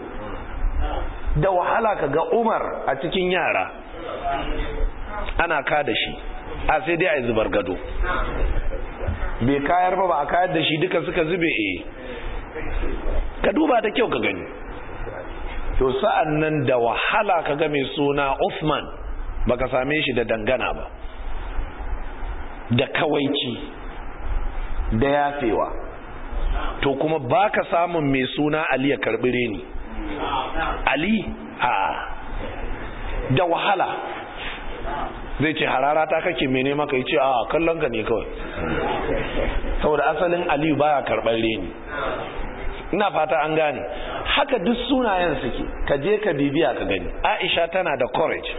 Speaker 1: da wahala ka ga Umar a cikin yara ana ka da shi a sai dai a yi zubar gado bai kayar ba ba a kayar da shi duka suka zube e ka duba da kyau ka gani to sa'an nan da wahala ka ga mai suna Usman baka same shi da dangana ba da kawaici da yafewa to kuma baka samun mai suna Ali ya karbi reni Ali a da wahala zai ce harara ta kake mene maka yace a kallon ka ne kawai saboda asalin aliyu baya karɓar reni ina fata an gane haka duk sunayen suke ka je ka bibiya ka gani aisha tana da courage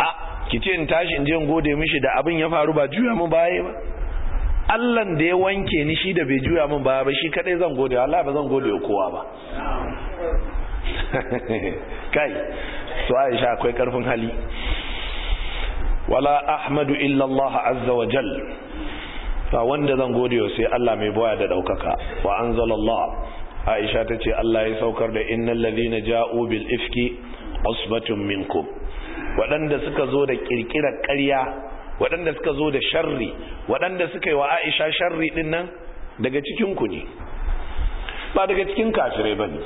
Speaker 1: a ki ce in tashi in je in gode mishi da abin ya faru ba juya mu baya ba Allah da ya wanke ni shi da bai juya min baya ba shi kadai zan gode Allah ba zan gode kowa ba kai to Aisha akwai karfin hali wala ahmadu illallah azza wa jal ba wanda zan gode wa sai Allah mai boya da daukaka wa anzalallah Aisha tace Allah ya saukar da innal ladhina ja'u bil ifki usbatun minkum waɗanda suka zo da kirkirar ƙarya waɗanda suka zo da sharri waɗanda suka yi wa Aisha sharri din nan daga cikin ku ne ba daga cikin kafirai bane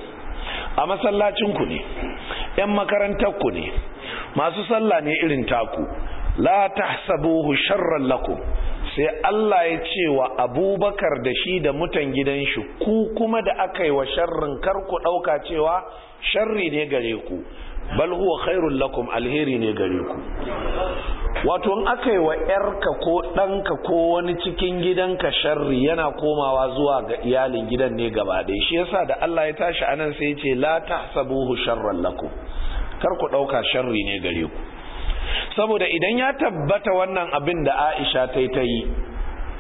Speaker 1: a masallacin ku ne 'yan makarantar ku ne masu sallah ne irin taku la tahsabuhu sharran lakum sai Allah ya ce wa abubakar da shi da mutan gidan shi ku kuma da aka yi wa sharrin kar ku ɗauka cewa sharri ne gare ku bal huwa khairul lakum alheri ne gare ku wato in aka yi wa yarka ko ɗanka ko wani cikin gidanka sharri yana komawa zuwa ga iyalin gidan ne gaba ɗaya shi yasa da Allah ya tashi anan sai ya ce la tahsabuhu sharran lakum kar ku ɗauka sharri ne gare ku saboda idan ya tabbata wannan abin da aisha ta yi ta yi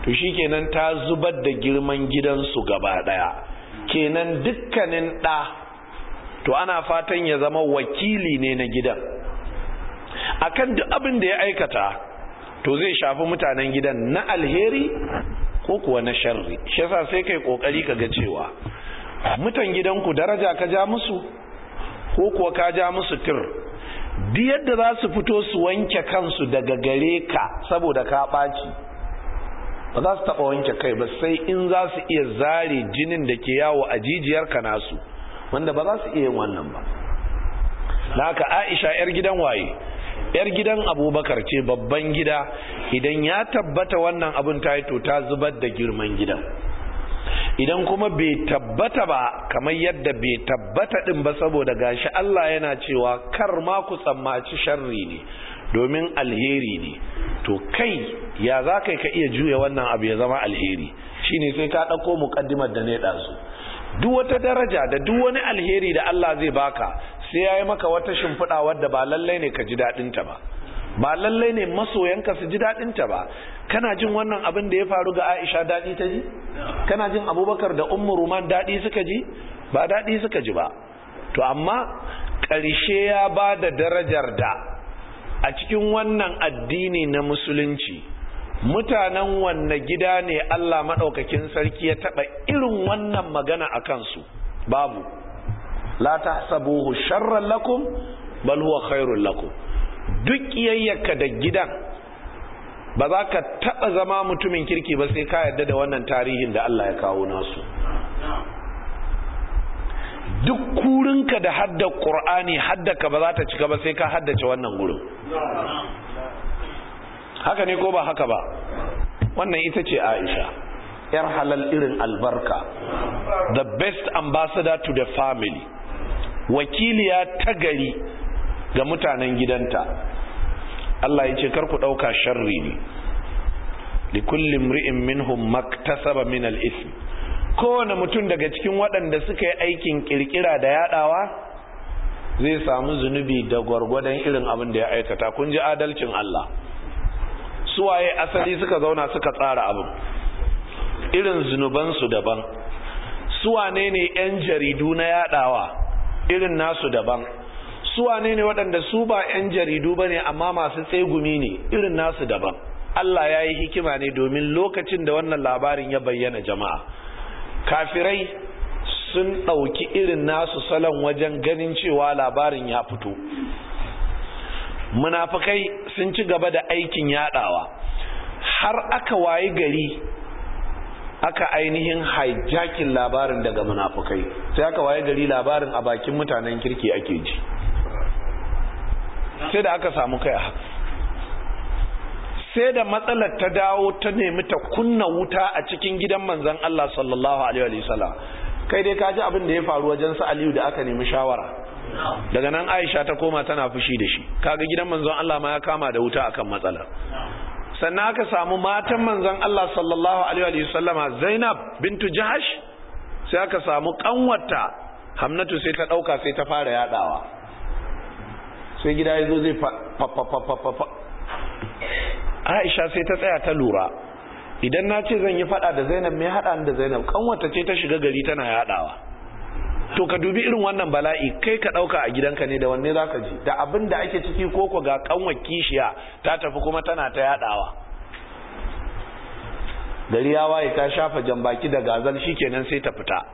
Speaker 1: to shikenan ta zubar da girman gidansu gaba daya kenan dukkanin ɗa to ana fatan ya zama wakili ne na gidan akan duk abin da ya aikata to zai shafi mutanen gidan na alheri ko kuwa na sharri shi yasa sai kai kokari ga cewa mutan gidanku daraja ka ja musu ko kuwa ka ja musu tir duk yadda za su fito su wanke kansu daga gare ka saboda ka ɓaci ba za su taɓa wanke kai ba sai in za su iya zare jinin da ke yawo a jijiyar ka nasu wanda ba za su iya yin wannan ba da aisha 'yar gidan waye yar gidan abubakar ce babban gida idan ya tabbata wannan abin ta yi to ta zubar da girman gidan idan kuma bai tabbata ba kamar yadda bai tabbata din ba saboda gashi Allah yana cewa kar ma ku tsammaci sharri ne domin alheri ne to kai ya za ka ka iya juya wannan abu ya zama alheri shine sai ka ɗauko muƙaddimar da ne ɗazu duk wata daraja da duk wani alheri da Allah zai baka sai ya yi maka wata shimfiɗa wadda ba lallai ne ka ji daɗinta ba ba lallai ne masoyanka su ji daɗinta ba kana jin wannan abin da ya faru ga aisha daɗi ta ji kana jin abubakar da ummu ruman daɗi suka ji ba daɗi suka ji ba to amma ƙarshe ya ba da darajar da a cikin wannan addini na musulunci mutanen wanne gida ne allah maɗaukakin sarki ya taba irin wannan magana a kansu babu la tahsabuhu sharran lakum bal huwa khairul lakum duk yayyaka da gidan ba za ka taɓa zama mutumin kirki ba sai ka yarda da wannan tarihin da Allah ya kawo nasu duk kurinka da hadda ƙur'ani haddaka ba za ta cika ba sai ka haddace wannan gurin haka ne ko ba haka ba wannan ita ce aisha yar halal irin albarka the best ambassador to the family wakiliya ta gari ga mutanen gidanta Allah ya ce kar ku ɗauka sharri ne kulli mri'in minhum maktasaba min al-ithm kowane mutum daga cikin waɗanda suka yi aikin kirkira da yadawa zai samu zunubi da gwargwadon irin abin da ya aikata kun ji adalcin Allah Su waye asali suka zauna suka tsara abu irin su daban suwane ne 'yan jaridu na yadawa irin nasu daban suwane ne waɗanda su ba 'yan jaridu ba ne amma masu tsegumi ne irin nasu daban Allah ya yi hikima ne domin lokacin da wannan labarin ya bayyana jama'a kafirai sun ɗauki irin nasu salon wajen ganin cewa labarin ya fito munafukai sun ci gaba da aikin yaɗawa. har aka wayi gari aka ainihin hijacking labarin daga munafukai sai aka waye gari labarin a bakin mutanen kirki ake ji sai da aka samu kai a haka sai da matsalar ta dawo ta nemi ta kunna wuta a cikin gidan manzon Allah sallallahu alaihi wasallam kai dai ka ji abin da ya faru wajen sa Aliyu da aka nemi shawara daga nan Aisha ta koma tana fushi da shi kaga gidan manzon Allah ma ya kama da wuta akan matsalar sannan aka samu matan manzon Allah sallallahu alaihi wasallama Zainab bintu Jahash sai aka samu kanwarta Hamnatu sai ta dauka sai ta fara yadawa sai gida ya zo zai fa aisha sai ta tsaya ta lura idan na ce zan yi fada da zainab mai hada da zainab kanwata ce ta shiga gari tana yadawa to ka dubi irin wannan bala'i kai ka dauka a gidanka ne da wanne zaka ji da abin da ake ciki koko ga kanwar kishiya ta tafi kuma tana ta yadawa gari ya waye ta shafa baki da gazal shikenan sai ta fita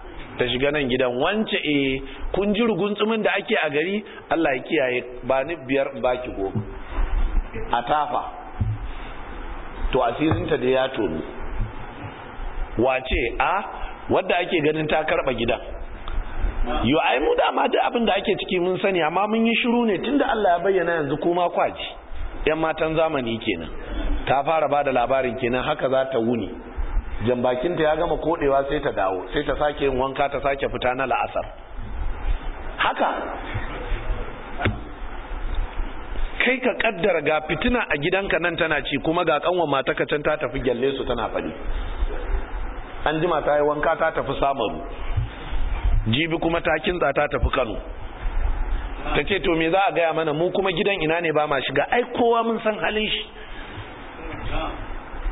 Speaker 1: ta shiga nan gidan wance eh kun ji rugunzumin da ake a gari Allah ya kiyaye ba ni biyar baki goma a tafa to asirinta da ya tonu wace a wadda ake ganin ta karba gidan yo ai mu ma duk abin da ake ciki mun sani amma mun yi shiru ne tunda Allah ya bayyana yanzu kuma kwaji yan matan zamani kenan ta fara bada labarin kenan haka za ta wuni jambakinta ya gama kodewa sai ta dawo sai ta sake yin wanka ta sake fita na la'asar haka kai ka kaddara ga fitina a gidanka nan tana ci kuma ga kanwa mataka can ta tafi gyalle su tana fadi an jima ta yi wanka ta tafi samaru jibi kuma ta kintsa ta tafi kano ta ce to me za a gaya mana mu kuma gidan ina ne ba ma shiga ai kowa mun san halin shi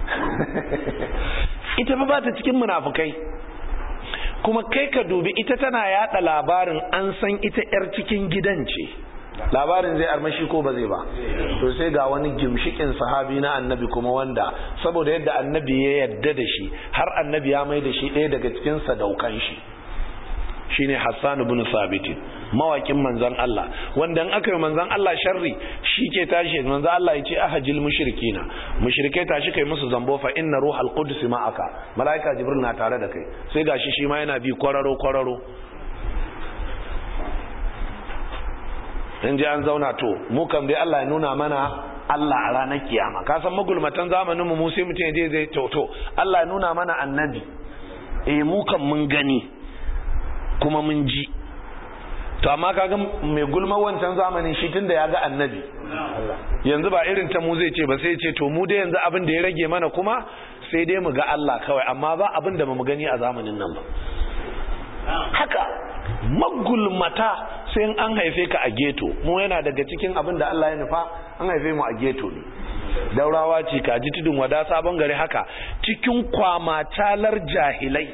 Speaker 1: ita fa ba ta cikin munafukai kuma kai ka dubi ita tana yada labarin an san ita yar cikin gidan ce labarin zai armashi ko ba zai ba to sai ga wani gimshikin sahabi na annabi kuma wanda saboda yadda annabi ya yadda da shi har annabi ya mai da shi ɗaya daga cikin sadaukan shi shine Hassan ibn Sabit mawakin manzon Allah wanda in aka yi manzon Allah sharri shike tashi manzon Allah yace ahajil mushrikina mushrike tashi kai musu zambo fa inna ruhal qudus ma'aka malaika jibril na tare da kai sai gashi shi ma yana bi kwararo kwararo in an zauna to mu kan bai Allah ya nuna mana Allah a ranar kiyama ka san magulmatan zamanin mu sai mutum ya je zai to to Allah ya nuna mana annabi eh mu kan mun gani kuma mun ji to amma kaga mai gulma wancan zamanin shi tunda ya ga annabi yanzu ba irin ta mu zai ce ba sai ce to mu dai yanzu abin da ya rage mana kuma sai dai mu ga Allah kawai amma ba abin da mu gani a zamanin nan ba haka magulmata sai an haife ka a ghetto mu yana daga cikin abin da Allah ya nufa an haife mu a ghetto. ne daurawa ce ka ji tudun wada sabon gari haka cikin kwamatalar jahilai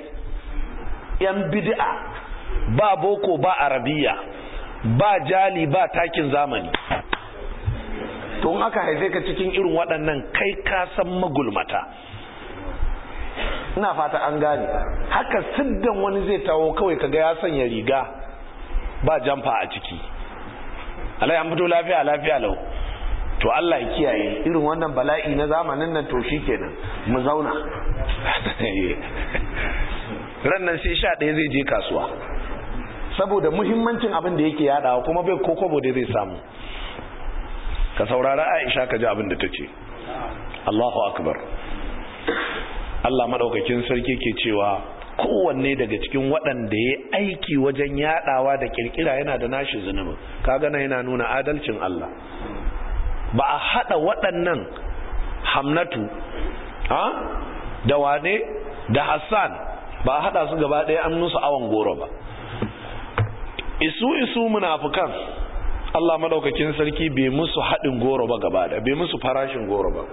Speaker 1: yan bid'a ba boko ba arabiya ba jali ba takin zamani to aka haife ka cikin irin waɗannan kai ka san magulmata ina fata an gane haka siddan wani zai tawo kawai kaga ya sanya riga ba jamfa a ciki alai an fito lafiya lafiya lau to Allah ya kiyaye irin wannan bala'i na zamanin nan to shi kenan mu zauna rannan sai sha ɗaya zai je kasuwa saboda muhimmancin abin da yake yadawa kuma bai kokobo da zai samu ka saurara aisha ka ji abin da ta ce allahu akbar allah maɗaukakin sarki ke cewa kowanne daga cikin waɗanda ya aiki wajen yadawa da kirkira yana da nashi zunubin Ka gana yana nuna adalcin allah ba a haɗa waɗannan hamnatu ha? da wane da hassan ba a haɗa su gaba ɗaya an musu awon goro ba isu isu munafukan Allah madaukakin sarki bai musu haɗin goro ba gaba da bai musu farashin goro ba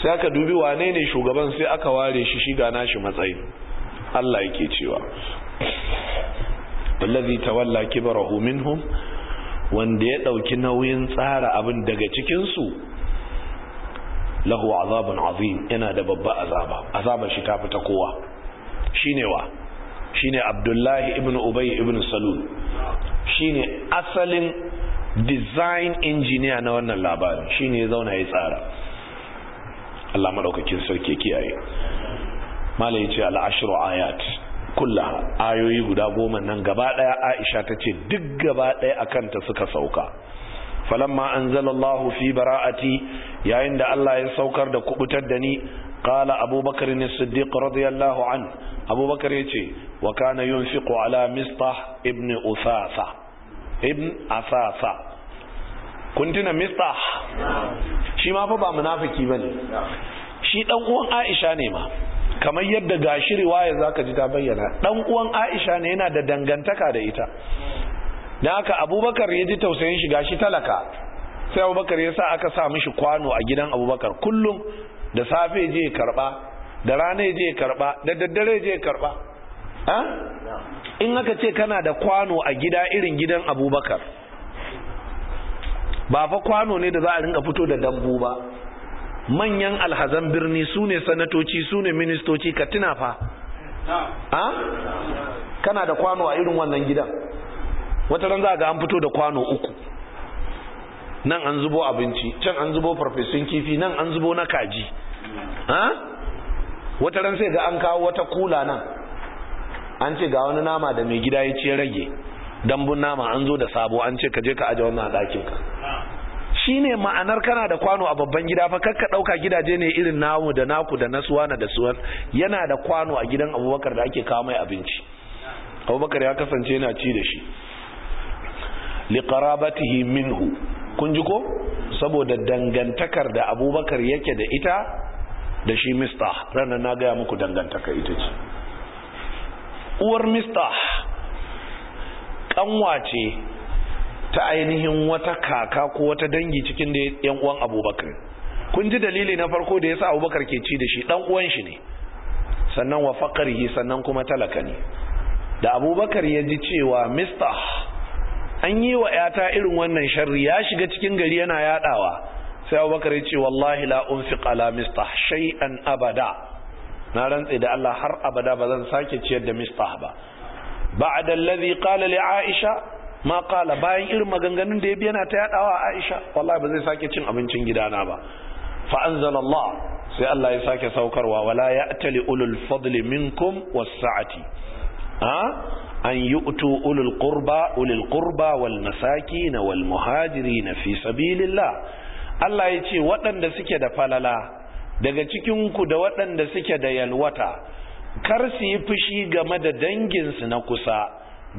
Speaker 1: sai aka dubi wane ne shugaban sai aka ware shi shiga nashi matsayi. Allah yake cewa wallazi tawalla kibrahu minhum wanda ya dauki nauyin tsara abin daga cikin su lahu azabun azim yana da babba azaba azaban shi ta fita kowa shine wa shine abdullahi ibnu ubay ibnu salul shine asalin design engineer na wannan labarin shine ya zauna ya tsara Allah madaukakin sarki kiyaye malai yace al-ashru ayat kullaha ayoyi guda goma nan gaba daya Aisha tace duk gaba daya akan ta suka sauka falamma anzalallahu fi bara'ati yayin da Allah ya saukar da kubutar da ni qala abubakar ne siddiq radiyallahu an abubakar yace wa kana yunfiqu ala mistah ibn usasa ibn asasa kun tuna mistah shi ma fa ba munafiki bane shi dan uwan Aisha ne ma kamar yadda gashi riwaya zaka ji ta bayyana dan uwan Aisha ne yana da dangantaka da ita dan haka Abubakar ya ji tausayin shi gashi talaka sai Abubakar ya sa aka sa mishi kwano a gidan Abubakar kullum da safe je karba da rana je karba da daddare je karba in aka ce kana da kwano a gida irin gidan abubakar ba fa kwano ne da za a ringa fito da dabbu ba manyan alhazan birni su ne sanatoci su ne ministoci ka tuna fa a kana da kwano a irin wannan gidan wata ran za ga an fito da kwano uku nan an zubo abinci can an zubo farfesun kifi nan an zubo na kaji wata ran sai ga an kawo wata kula nan an ce ga wani nama da mai gida ya ce rage dambun nama an zo da sabo an ce ka je ka aje wannan a ɗakin ka Shi ne ma'anar kana da kwano a babban gida fa kakka ɗauka gidaje ne irin namu da naku da nasuwa da suwan yana da kwano a gidan abubakar da ake kawo mai abinci abubakar ya kasance yana ci da shi liqarabatihi minhu kun ji ko saboda dangantakar da abubakar yake da ita da shi mista ranar na gaya muku dangantaka ita ce uwar mista kanwa ce ta ainihin wata kaka ko wata dangi cikin da yan uwan abubakar kun ji dalili na farko da ya sa abubakar ke ci da shi dan uwan shi ne sannan wa yi sannan kuma talaka ne da abubakar ya ji cewa mista an yi wa yata irin wannan sharri ya shiga cikin gari yana yadawa sai abubakar ya ce wallahi la unfiq ala mista shay'an abada na rantse da Allah har abada ba zan sake ciyar da mistah ba ba'da allazi qala li aisha ma qala bayan irin maganganun da ya biya na ta yadawa aisha wallahi ba zai sake cin abincin gidana ba fa anzalallah sai Allah ya sake saukarwa wala ya'tali ulul fadli minkum was-sa'ati ha an yu'tu ulul qurba ulul qurba wal masakin wal muhajirin fi sabilillah Allah ya ce waɗanda suke da falala daga cikinku da waɗanda suke da yalwata kar su yi fushi game da danginsu na kusa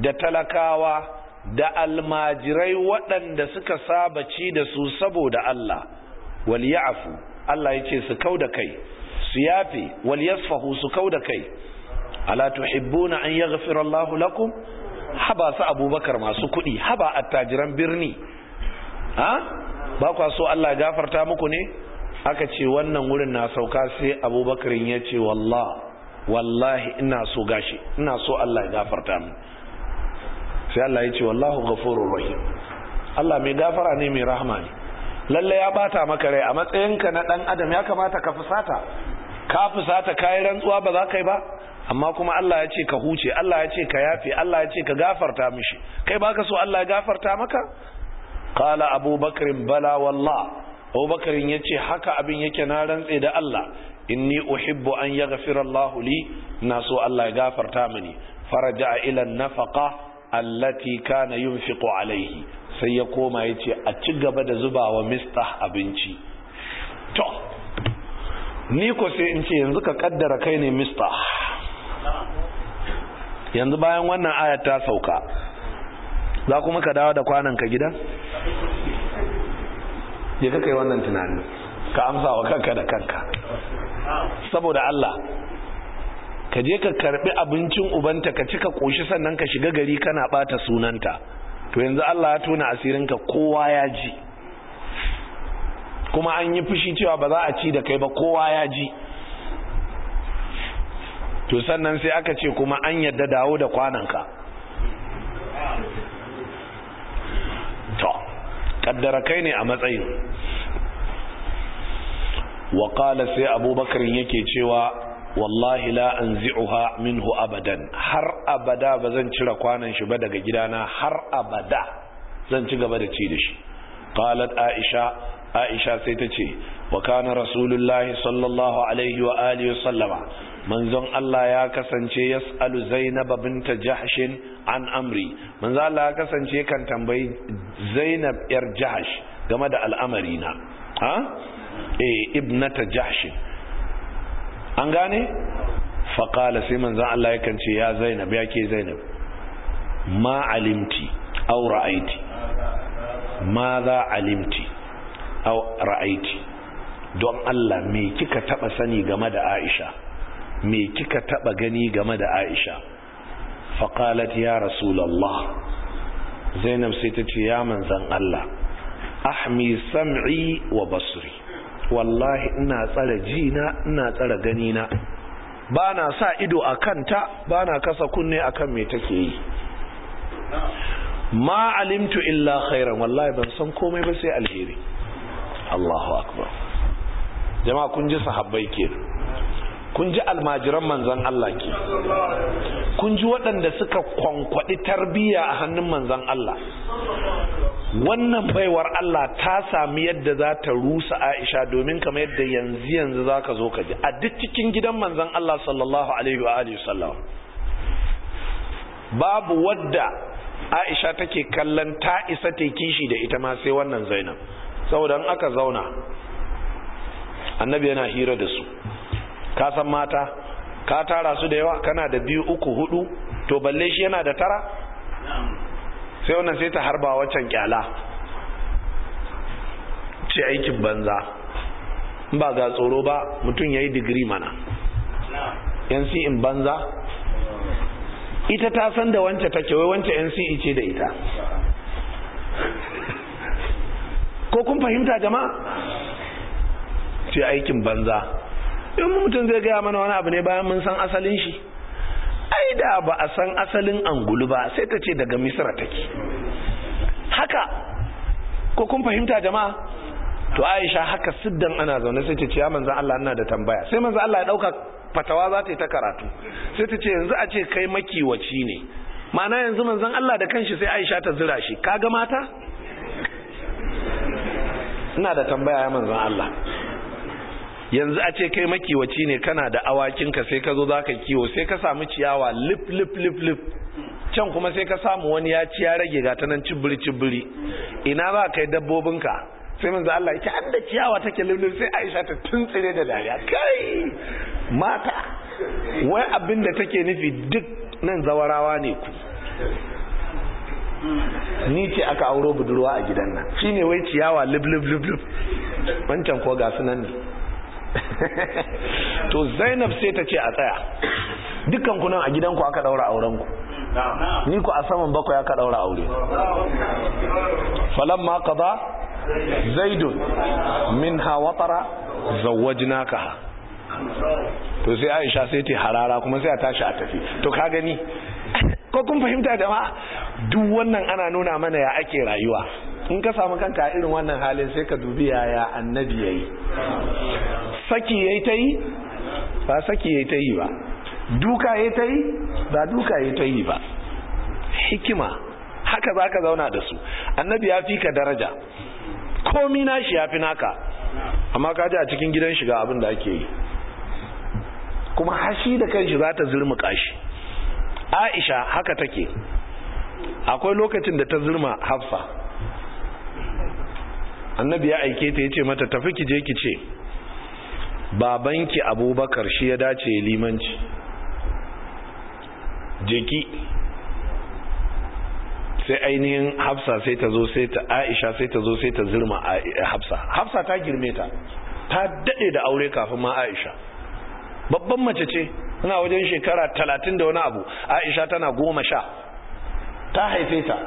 Speaker 1: da talakawa da almajirai waɗanda suka saba ci da su saboda Allah wal ya'fu Allah ya ce su kau da kai su yafe wal yasfahu su kau da kai ala tuhibbuna an yaghfira Allahu lakum haba su abubakar masu kuɗi haba attajiran birni ha ba kwa so Allah gafarta muku ne aka ce wannan wurin na sauka sai abubakar ya ce wallah wallahi ina so gashi ina so Allah ya gafarta min sai Allah ya ce wallahu ghafurur rahim Allah mai gafara ne mai rahama ne lalle ya bata maka rai a matsayinka na dan adam ya kamata ka fusata ka fusata kai rantsuwa ba za kai ba amma kuma Allah ya ce ka huce Allah ya ce ka yafe Allah ya ce ka gafarta mishi kai baka so Allah ya gafarta maka qala abubakar bala wallah Abubakar ya ce haka abin yake na rantse da Allah inni uhibbu an yaghfira Allah li na so Allah ya gafarta mini faraja ilan nafaqa allati kana yunfiqu alaihi sai ya koma ya a ci gaba da zubawa mistah abinci to ni ko sai in ce yanzu ka kaddara kai ne mistah yanzu bayan wannan ayar ta sauka za kuma ka dawo da kwanan ka gida ya ka yi wannan tunani ka amsa wa kanka da kanka saboda Allah ka je ka karbi abincin ubanta ka cika koshi sannan ka shiga gari kana bata sunanta to yanzu Allah ya tona asirinka kowa ya ji kuma an yi fushi cewa ba za a ci da kai ba kowa ya ji to sannan sai aka ce kuma an yadda dawo da kwananka kaddara kai ne a matsayin wa qala sai abubakar yake cewa wallahi la anzi'uha minhu abadan har abada bazan cire kwanan shi ba daga gidana har abada zan ci gaba da ci da shi qalat aisha aisha sai ta ce wa kana rasulullahi sallallahu alaihi wa alihi sallama manzon Allah ya kasance yas'alu Zainab binta Jahsh an amri manzon Allah ya kasance kan tambayi Zainab yar Jahsh game da al'amari na ha eh ibnata Jahsh an gane fa qala sai manzon Allah ya kance ya Zainab ya ke Zainab ma alimti aw ra'aiti ma za alimti aw ra'aiti don Allah me kika taba sani game da Aisha me kika taba gani game da Aisha faqalat ya rasulallah. Zainab sai ta ce ya manzan Allah ahmi sam'i wa basri wallahi ina tsara jina ina tsara ganina ba na sa ido a kanta ba na kasa kunne akan me take yi ma alimtu illa khairan wallahi ban san komai ba sai alheri Allahu akbar jama'a kun ji sahabbai kenan kun ji almajiran manzan Allah ke kun ji waɗanda suka kwankwaɗi tarbiyya a hannun manzan Allah wannan baiwar Allah ta sami yadda za ta rusa Aisha domin kamar yadda yanzu yanzu za ka zo ka ji a duk cikin gidan manzan Allah sallallahu alaihi wa alihi sallam babu wadda Aisha take kallon ta isa ta kishi da ita ma sai wannan Zainab saboda in aka zauna annabi yana hira da su ka san mata ka tara su da yawa kana da biyu uku hudu to balle shi yana da tara sai wannan sai ta harba waccan kyala ce aikin banza ba ga tsoro ba mutum ya yi digiri mana yansu in banza ita ta san da wance take wai wance nce ce da ita ko kun fahimta jama'a ce aikin banza in mutum zai gaya mana wani abu ne bayan mun san asalin shi ai da ba a san asalin angulu ba sai ta ce daga misra take haka ko kun fahimta jama'a to aisha haka siddan ana zaune sai ta ce ya manzan Allah ina da tambaya sai manzan Allah ya dauka fatawa za ta yi ta karatu sai ta ce yanzu a ce kai makiwaci ne ma'ana yanzu manzan Allah da kanshi sai aisha ta zira shi kaga mata ina da tambaya ya manzan Allah yanzu a ce kai makiwaci ne kana da awakin ka sai ka zo za ka kiwo sai ka samu ciyawa lip lip lip lip can kuma sai ka samu wani ya ci ya rage ga tanan cibiri cibiri ina ba kai dabbobin dabbobinka sai manzo Allah ya an da ciyawa take lulul sai Aisha ta tuntsire da dariya kai mata wai abin da take nufi duk nan zawarawa ne ku ni ce aka auro budurwa a gidan nan shine wai ciyawa lub lub lub lub wancan ko ga sunan ne to zainab sai ta ce a tsaya dukkan kunan a gidanku aka daura ku ni ku a saman bakwai aka daura aure ka ba zaidun minha watara ka? to sai aisha sai ta harara kuma sai a tashi a tafi to ka gani ko kun fahimta jama'a duk wannan ana nuna mana ya ake rayuwa in ka samu kanka irin wannan halin sai ka dubi yaya annabi yayi saki ya yi ta yi ba saki ya yi ta yi ba duka yi ta yi ba duka yi ta yi ba hikima haka za ka zauna da su annabi ya fi ka daraja komi shi ya fi naka amma ka ji a cikin gidan shiga abin da ake yi kuma hashi da kanshi za ta zirma kashi. aisha haka take akwai lokacin da ta zirma hafsa annabi ya aike ta ya ce mata tafi ki je ki ce babanki abubakar shi ya dace ya limanci jiki sai ainihin hafsa sai ta zo sai ta aisha sai ta zo sai ta zirma hafsa hafsa ta girme ta ta daɗe da aure kafin ma aisha babban mace ce tana wajen shekara talatin da wani abu aisha tana goma sha ta haife ta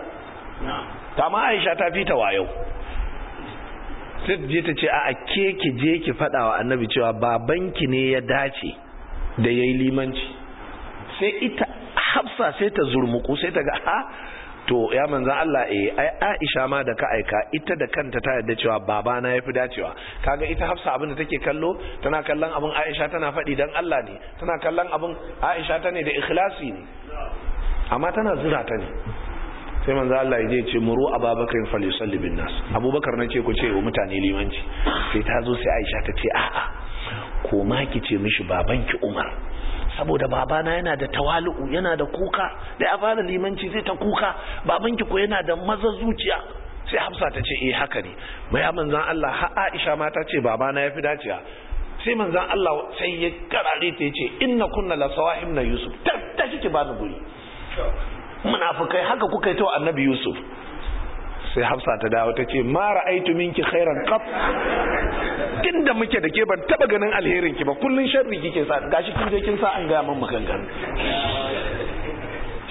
Speaker 1: ta ma aisha ta fi ta wayo sai je ta ce a ke ki je ki faɗa wa annabi cewa babanki ne ya dace da ya yi limanci sai ita hafsa sai ta zurmuku sai ta ga ha to ya manzan Allah eh ai Aisha ma da ka aika ita da kanta ta yarda cewa baba na yafi dacewa kaga ita Hafsa abin da take kallo tana kallon abin Aisha tana faɗi dan Allah ne tana kallon abin Aisha ta ne da ikhlasi ne amma tana zura ta ne sai manzo Allah ya je ce muru ababakar falisalli bin nas abubakar na ce ku ce wa mutane limanci sai ta zo sai Aisha ta ce a'a ko ma ki ce mishi babanki Umar saboda babana yana da tawalu yana da kuka da ya fara limanci sai ta kuka babanki ko yana da maza zuciya sai Hafsa ta ce eh haka ne maya manzon Allah ha Aisha ma ta ce babana yafi dacewa sai manzon Allah sai ya karare ta in inna kunna la sawahim na yusuf ta ta kike ba ni guri munafukai haka kuka yi ta annabi yusuf sai hafsa ta dawo ta ce ma ra'aitu minki khairan qat Inda muke da ke ban taba ganin alherin ki ba kullun sharri kike sa gashi kin je kin sa an gaya min maganganu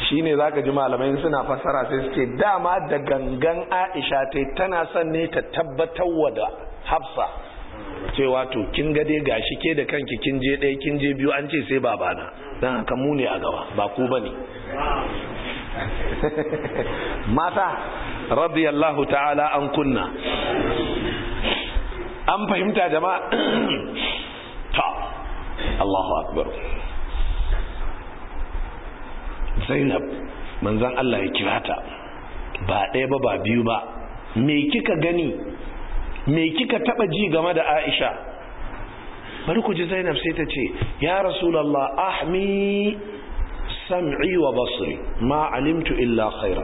Speaker 1: shine zaka ji malamai suna fassara sai suke dama da gangan Aisha tai tana son ne ta tabbatar wa da Hafsa cewa to kin ga dai gashi ke da kanki kin je ɗaya kin je biyu an ce sai babana dan haka mu ne a gaba ba ku bane mata radiyallahu ta'ala an kunna an fahimta jama'a ta Allahu akbar Zainab manzan Allah ya kira ta ba ɗaya ba ba biyu ba me kika gani me kika taba ji game da Aisha bari ku ji Zainab sai ta ce ya Rasulullah ahmi sam'i wa basri ma alimtu illa khaira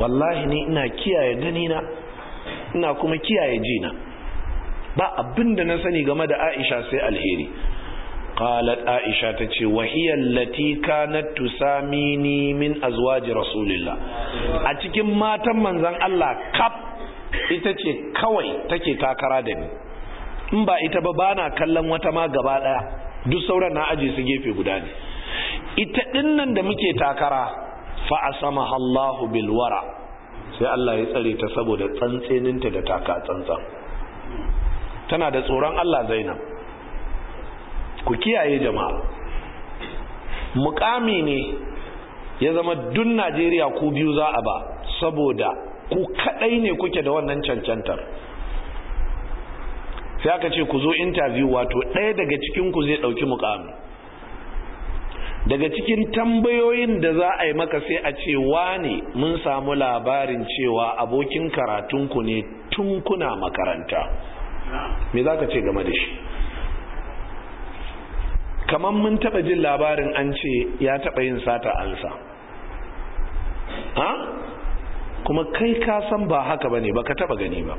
Speaker 1: wallahi ni ina kiyaye na, ina kuma kiyaye ji na. ba abinda na sani game da Aisha sai alheri qalat Aisha tace wa hiya allati kanat tusamini min azwaji rasulillah a cikin matan manzon Allah kaf ita ce kawai take takara da ni in ba ita ba bana kallon wata ma gaba daya duk sauran na aje su gefe guda ne ita dinnan da muke takara fa sama Allahu bilwara. sai Allah ya tsare ta saboda tsantseninta da taka tsantsan tana da tsoron Allah Zainab ku kiyaye jama'a mukami ne ya zama dun Najeriya ku biyu za a ba saboda ku kadai ne kuke da wannan cancantar sai aka ce ku zo interview wato ɗaya daga cikin ku zai ɗauki mukami daga cikin tambayoyin da za a yi maka sai a ce ne mun samu labarin cewa abokin karatunku ne tun kuna makaranta me za ka ce game da shi kamar mun taba jin labarin an ce ya taba yin sata ansa ha kuma kai ka san ba haka bane ba ka taba gani ba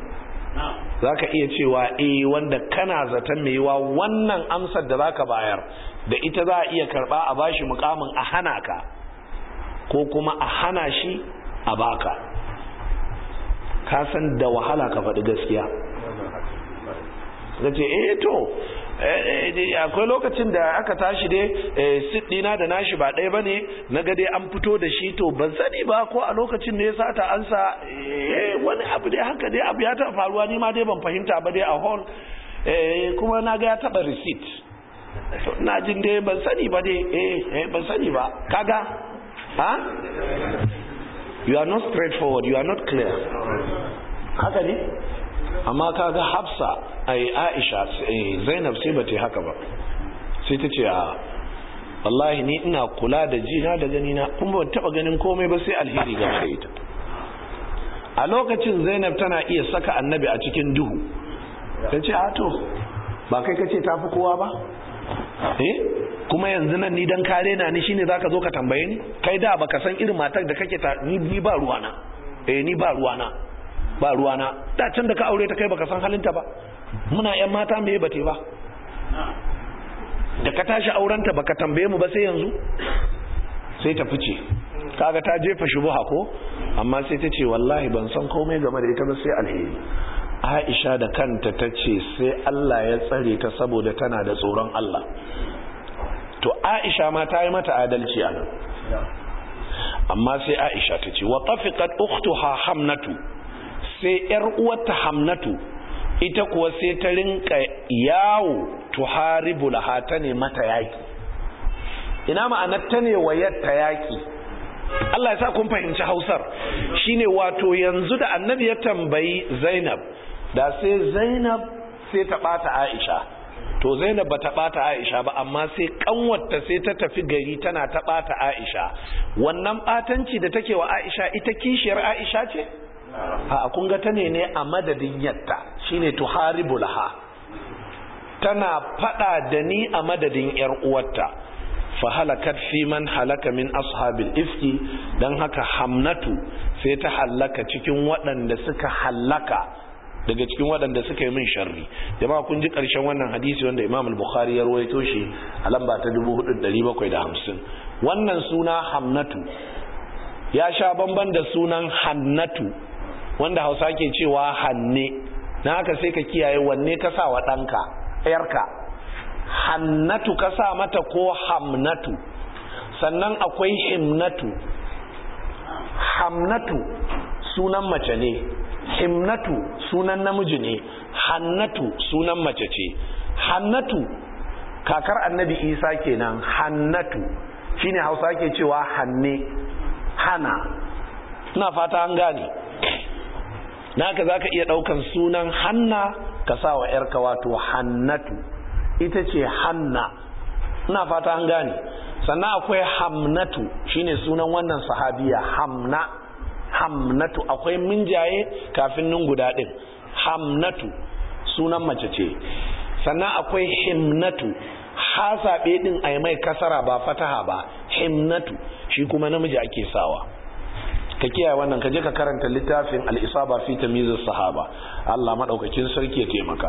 Speaker 1: za ka iya cewa eh wanda kana zaton mai wa wannan amsar da za ka bayar da ita za a iya karba a bashi mukamin a hana ka ko kuma a hana shi a baka ka san da wahala ka faɗi gaskiya ka ce eh to eh, eh, akwai lokacin da aka tashi dai eh, siddina da nashi ba ɗaya ba ne na gade an fito da shi to ban sani ba ko a lokacin da ya sata ansa wani abu dai haka dai abu ya taɓa faruwa nima dai ban fahimta ba dai a hall kuma na ga ya taɓa receipt na jin dai ban sani ba dai eh eh ban sani ba kaga ha you are not straightforward you are not clear haka ne amma kaga hafsa ai aisha eh, zainab sai ba ta haka ba sai ta ce a ah, wallahi ni ina kula da jina da ganina kuma ban taba ganin komai ba sai alheri ga ita a lokacin zainab tana iya saka annabi a cikin duhu ta ce a ah, to? ba kai kace tafi kowa ba eh kuma yanzu nan ni dan kare na ni shine zaka zo ka tambaye ni kai da baka san irin matar da kake ta ni ba ruwana eh ni ba ruwana ba ruwana da can da ka aure ta kai baka san halinta ba muna yan mata me bate ba da ka tashi aurenta baka tambaye mu ba sai yanzu sai ta fice kaga ta jefa shubuha ko amma sai ta ce wallahi ban san komai game da ita ba sai alheri aisha da kanta ta ce sai allah ya tsare ta saboda tana da tsoron allah to aisha ma ta yi mata adalci a nan amma sai aisha ta ce wa tafiqat ukhtuha hamnatu sai yar uwarta hamnatu ita kuwa sai ta rinka yawo tuharibu laha ta ne mata yaki ina ma'anar ta ne ta yaki Allah ya sa kun fahimci Hausar shine wato yanzu da annabi ya tambayi Zainab da sai zainab sai ta bata aisha to zainab ba ta bata aisha ba amma sai kanwarta sai ta tafi gari tana ta bata aisha wannan batanci da take wa aisha ita kishiyar aisha ce a kun ga ta ne a madadin yatta shine tuharibulha tana fada da ni a madadin yar uwarta fa halakat fi man halaka min ashabil ifki dan haka hamnatu sai ta halaka cikin waɗanda suka halaka daga cikin waɗanda suka yi min sharri jama'a kun ji ƙarshen wannan hadisi wanda imam al-bukhari ya rawaito shi a lamba ta 4750 wannan suna hamnatu ya sha bamban da sunan hannatu wanda hausa ke cewa hanne na haka sai ka kiyaye wanne ka sa wa ɗanka ɗayarka hannatu ka sa mata ko hamnatu sannan akwai himnatu hamnatu sunan mace ne himnatu sunan namiji ne hannatu sunan mace ce hannatu kakar annabi isa kenan hannatu shine hausa ke cewa hanne hana na fata an gane naka za ka iya ɗaukan sunan hanna ka sa wa ‘yarka wato hannatu ita ce hanna na fata an gane sannan akwai hamnatu shine sunan wannan sahabiya hamna hamnatu akwai minjaye kafin nun guda ɗin hamnatu sunan mace ce sannan akwai himnatu hasaɓe ɗin a mai kasara ba fataha ba himnatu shi kuma namiji ake sawa ka kiyaye wannan ka je ka karanta littafin al-isaba fi tamyiz sahaba Allah maɗaukacin sarki ya taimaka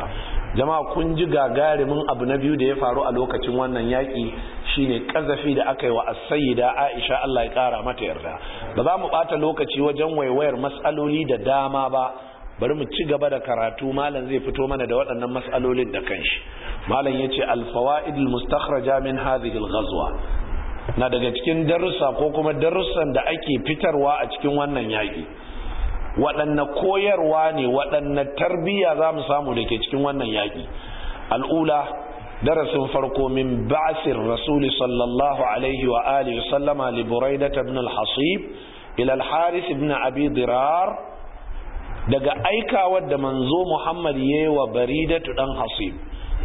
Speaker 1: jama'a kun ji gagarumin abu na biyu da ya faru a lokacin wannan yaƙi shine ƙazafi da aka yi wa asayida sayyida Aisha Allah ya kara mata yarda ba za mu ɓata lokaci wajen waiwayar mas'aloli da dama ba bari mu ci gaba da karatu malam zai fito mana da waɗannan mas'alolin da kanshi malam yace al-fawaid al-mustakhraja min hadhihi al na daga cikin darussa ko kuma darussan da ake fitarwa a cikin wannan yaƙi. waɗanne koyarwa ne waɗanne tarbiyya za mu samu da ke cikin wannan yaƙi al'ula darasin farko min ba'asir rasuli sallallahu alaihi wa alihi sallama li buraida ibn al-hasib ila al-haris ibn abi dirar daga aikawar da manzo muhammad yayi wa baridatu dan hasib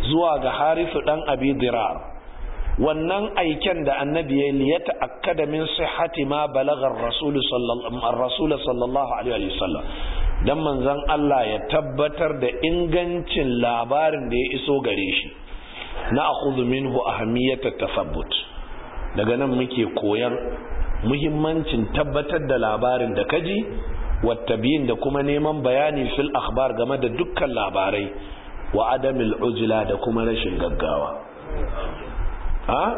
Speaker 1: zuwa ga harisu dan abi dirar wannan aiken da annabi ya li yata'akkada min ma balagar rasul sallallahu alaihi wa sallam dan manzon Allah ya tabbatar da ingancin labarin da ya iso gare shi na akhudhu minhu ahamiyat at daga nan muke koyar muhimmancin tabbatar da labarin da kaji wattabiyin da kuma neman bayani fil akhbar game da dukkan labarai wa adamil ujla da kuma rashin gaggawa ha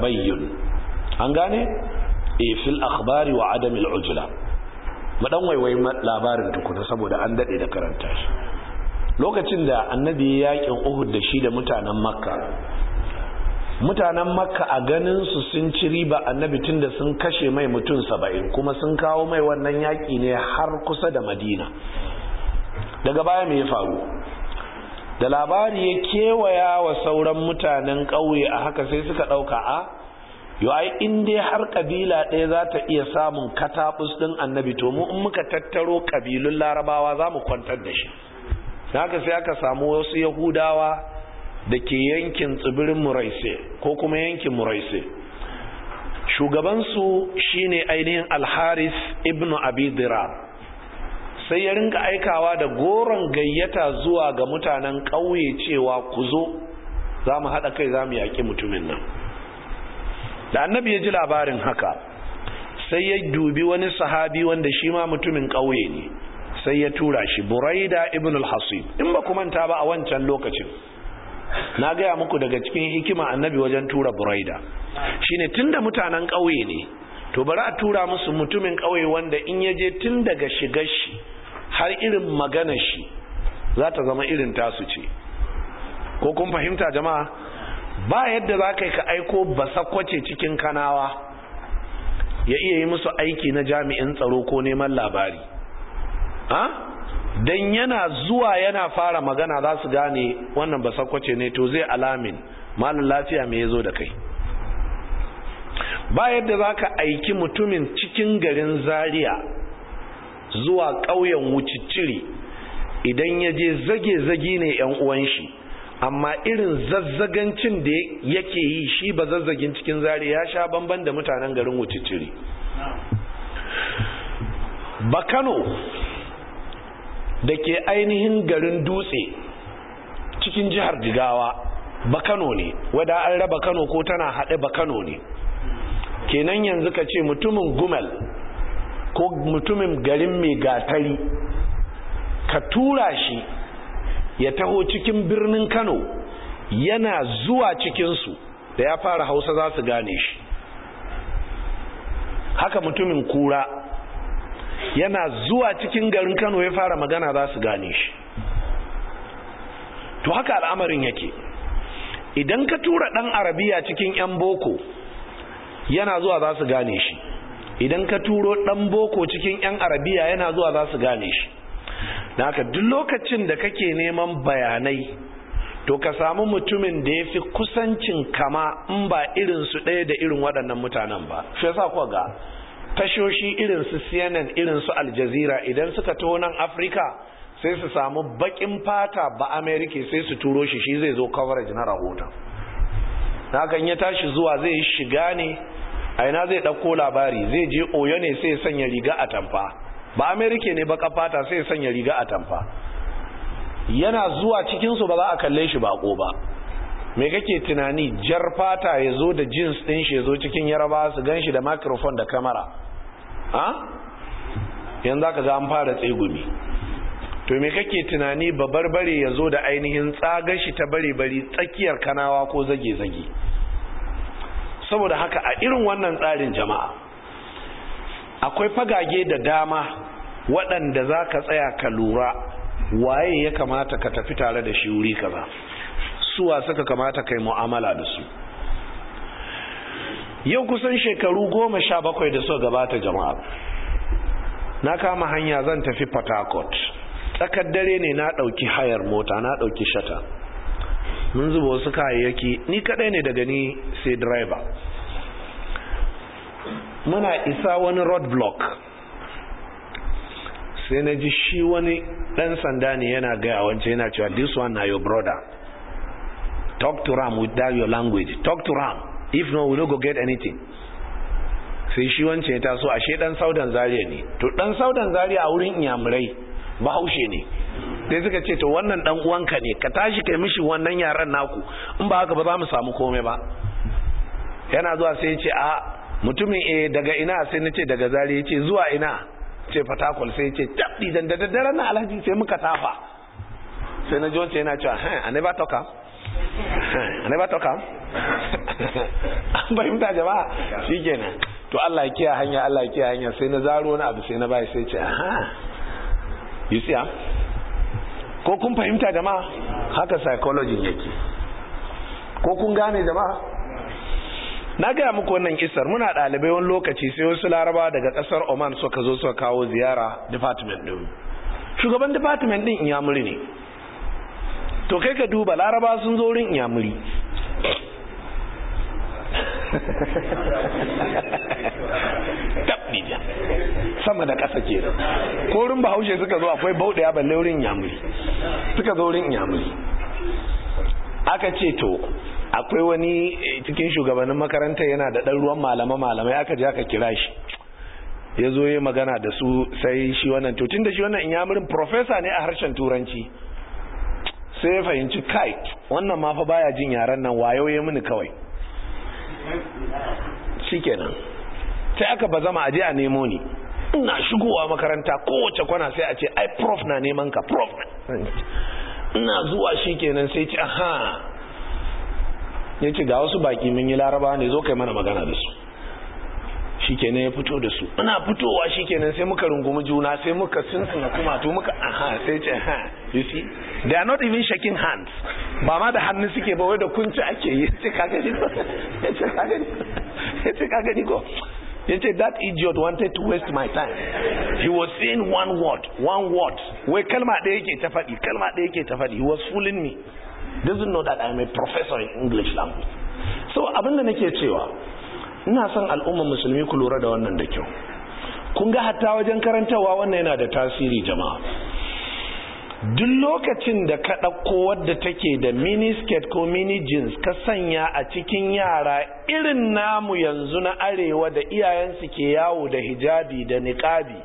Speaker 1: bayyun an gane e fil akhbari wa adam al ujla madan waiwai labarin tukuna saboda an daɗe da karanta shi lokacin da annabi ya yakin uhud da shi da mutanen makka mutanen makka a ganin su sun ci riba annabi tunda sun kashe mai mutum saba'in kuma sun kawo mai wannan yaƙi ne har kusa da madina daga baya me ya faru da labari ya kewaya wa sauran mutanen ƙauye a haka sai suka ɗauka a ai in dai har ƙabila ɗaya za ta iya samun kataɓus ɗin annabi to mu in muka tattaro ƙabilun larabawa za mu kwantar da shi haka sai aka samu wasu yahudawa da ke yankin tsibirin muraise ko kuma yankin muraise shugabansu shine ainihin alharis ibnu abi dirar sai ya rinka aikawa da goron gayyata zuwa ga mutanen ƙauye cewa ku zo za mu haɗa kai za mu yaƙi mutumin nan da annabi ya ji labarin haka sai ya dubi wani sahabi wanda shi ma mutumin ƙauye ne sai ya tura shi buraida ibn al-hasib in ba ku manta ba a wancan lokacin na gaya muku daga cikin hikima annabi wajen tura buraida shine tunda mutanen ƙauye ne to bari a tura musu mutumin ƙauye wanda in ya je tun daga shigar shi har irin magana shi za ta zama irin tasu ce ko kun fahimta jama'a ba yadda za ka yi ka aiko basakwace cikin kanawa ya iya yi musu aiki na jami'in tsaro ko neman labari ha? don yana zuwa yana fara magana za su gane wannan basakwace ne to zai alamin malin lafiya mai zo da kai ba yadda za ka aiki mutumin cikin garin Zariya. zuwa ƙauyen wuciciri, idan ya je zage-zage ne ‘yan uwan shi amma irin zazzagancin da yake yi shi ba zazzagin cikin zari ya sha bamban da mutanen garin wuciciri. bakano da ke ainihin garin dutse cikin jihar jigawa bakano ne wadda an raba kano ko tana haɗe bakano ne kenan yanzu ka ce mutumin gumel ko mutumin garin mai gatari ka tura shi ya taho cikin birnin kano yana zuwa cikinsu da ya fara hausa za su gane shi haka mutumin kura yana zuwa cikin garin kano ya fara magana za su gane shi to haka al'amarin yake idan ka tura ɗan arabiya cikin 'yan boko yana zuwa za su gane shi idan ka turo ɗan boko cikin 'yan arabiya yana zuwa za su gane shi da haka duk lokacin da kake neman bayanai to ka samu mutumin da ya fi kusancin kama in ba irinsu ɗaya da irin waɗannan mutanen ba shi yasa kuwa ga tashoshi irinsu cnn irinsu su idan suka to nan afirka sai su samu baƙin fata ba amerika sai su turo shi shi zai zo coverage na rahoton hakan ya tashi zuwa zai shiga ne a ina zai ɗauko labari zai je oyo ne sai sanya riga a tamfa ba amerika ne baka fata sai sanya riga a tamfa yana zuwa cikinsu ba za a kalle shi bako ba me kake tunani jar fata ya zo da jins ɗin shi ya zo cikin yaraba su gan shi da microphone da kamara ha yanzu ka ga an fara tsegumi to me kake tunani babarbare ya zo da ainihin tsagar shi ta bare-bari tsakiyar kanawa ko zage-zage saboda haka a irin wannan tsarin jama'a akwai fagage da dama waɗanda za ka tsaya ka lura waye ya kamata ka tafi tare da shi wuri kaza suwa suka kamata kai mu'amala da su yau kusan shekaru goma sha bakwai da suka gabata jama'a na kama hanya zan tafi port harcourt tsakar dare ne na ɗauki hayar mota na ɗauki shata mun zuba wasu kayayyaki ni kadai ne daga ni sai driver muna isa wani road block sai na ji shi wani dan sanda ne yana gaya wance yana cewa this one na your brother talk to ram without your language talk to ram if not we no go get anything sai shi wance ya taso ashe dan saudan zaria ne to dan saudan zaria a wurin inyamurai bahaushe ne dai suka ce to wannan dan uwanka ne ka tashi kai mishi wannan yaran naku in ba haka ba za mu samu komai ba yana zuwa sai ya ce a mutumin eh daga ina sai na ce daga zari ya ce zuwa ina ce fatakwal sai ya ce tabbi dan da daddare na alhaji sai muka tafa sai na jonce yana cewa ha ne ba toka ne ba toka an fahimta jama'a shikenan to Allah ya kiyaye hanya Allah ya kiyaye hanya sai na zaro wani abu sai na bayi sai ya ce ha yi ah? ko kun fahimta jama'a haka psychology yake ko kun gane da ma na gaya muku wannan kisar muna ɗalibai wani lokaci sai wasu laraba daga ƙasar oman suka zo suka kawo ziyara department ɗin shugaban department ɗin inyamuri ne to kai ka duba laraba sun zo wurin inyamuri sama da ƙasa ke ko wurin bahaushe suka zo akwai bauɗaya balle wurin yamuri suka zo wurin yamuri aka ce to akwai wani eh, cikin shugabannin makaranta yana da ɗan ruwan malama malamai aka ji aka kira shi ya zo ya magana da su sai shi wannan to tun da shi wannan yamurin profesa ne a harshen turanci sai ya fahimci kai wannan ma fa baya jin yaran nan wayo ya mini kawai shikenan sai aka zama aje a nemo ni ina shigowa makaranta kowace kwana sai a ce ai prof na neman ka prof ina zuwa shikenan sai ce aha ya ce ga wasu baki mun yi laraba ne zo kai mana magana da su shikenan ya fito da su muna fitowa shikenan sai muka rungumi juna sai muka sunsuna kuma to muka aha sai ce ha you see they are not even shaking hands ba ma da hannu suke ba wai da kunci ake yi ce ka gani ko ce ka gani ce ka gani ko ya ce that idiot wanted to waste my time he was saying one word one word wai kalma ɗaya yake ta faɗi kalma ɗaya yake ta faɗi he was fooling me doesn't know that I'm a professor in English language so abin abinda nake cewa ina son al'ummar musulmi ku lura da wannan da kyau kun ga hatta wajen karantarwa wannan yana da tasiri jama'a duk lokacin da ka ɗauko wadda take da mini skirt ko mini jeans ka sanya a cikin yara irin namu yanzu na arewa da iyayensu ke yawo da hijabi da niƙabi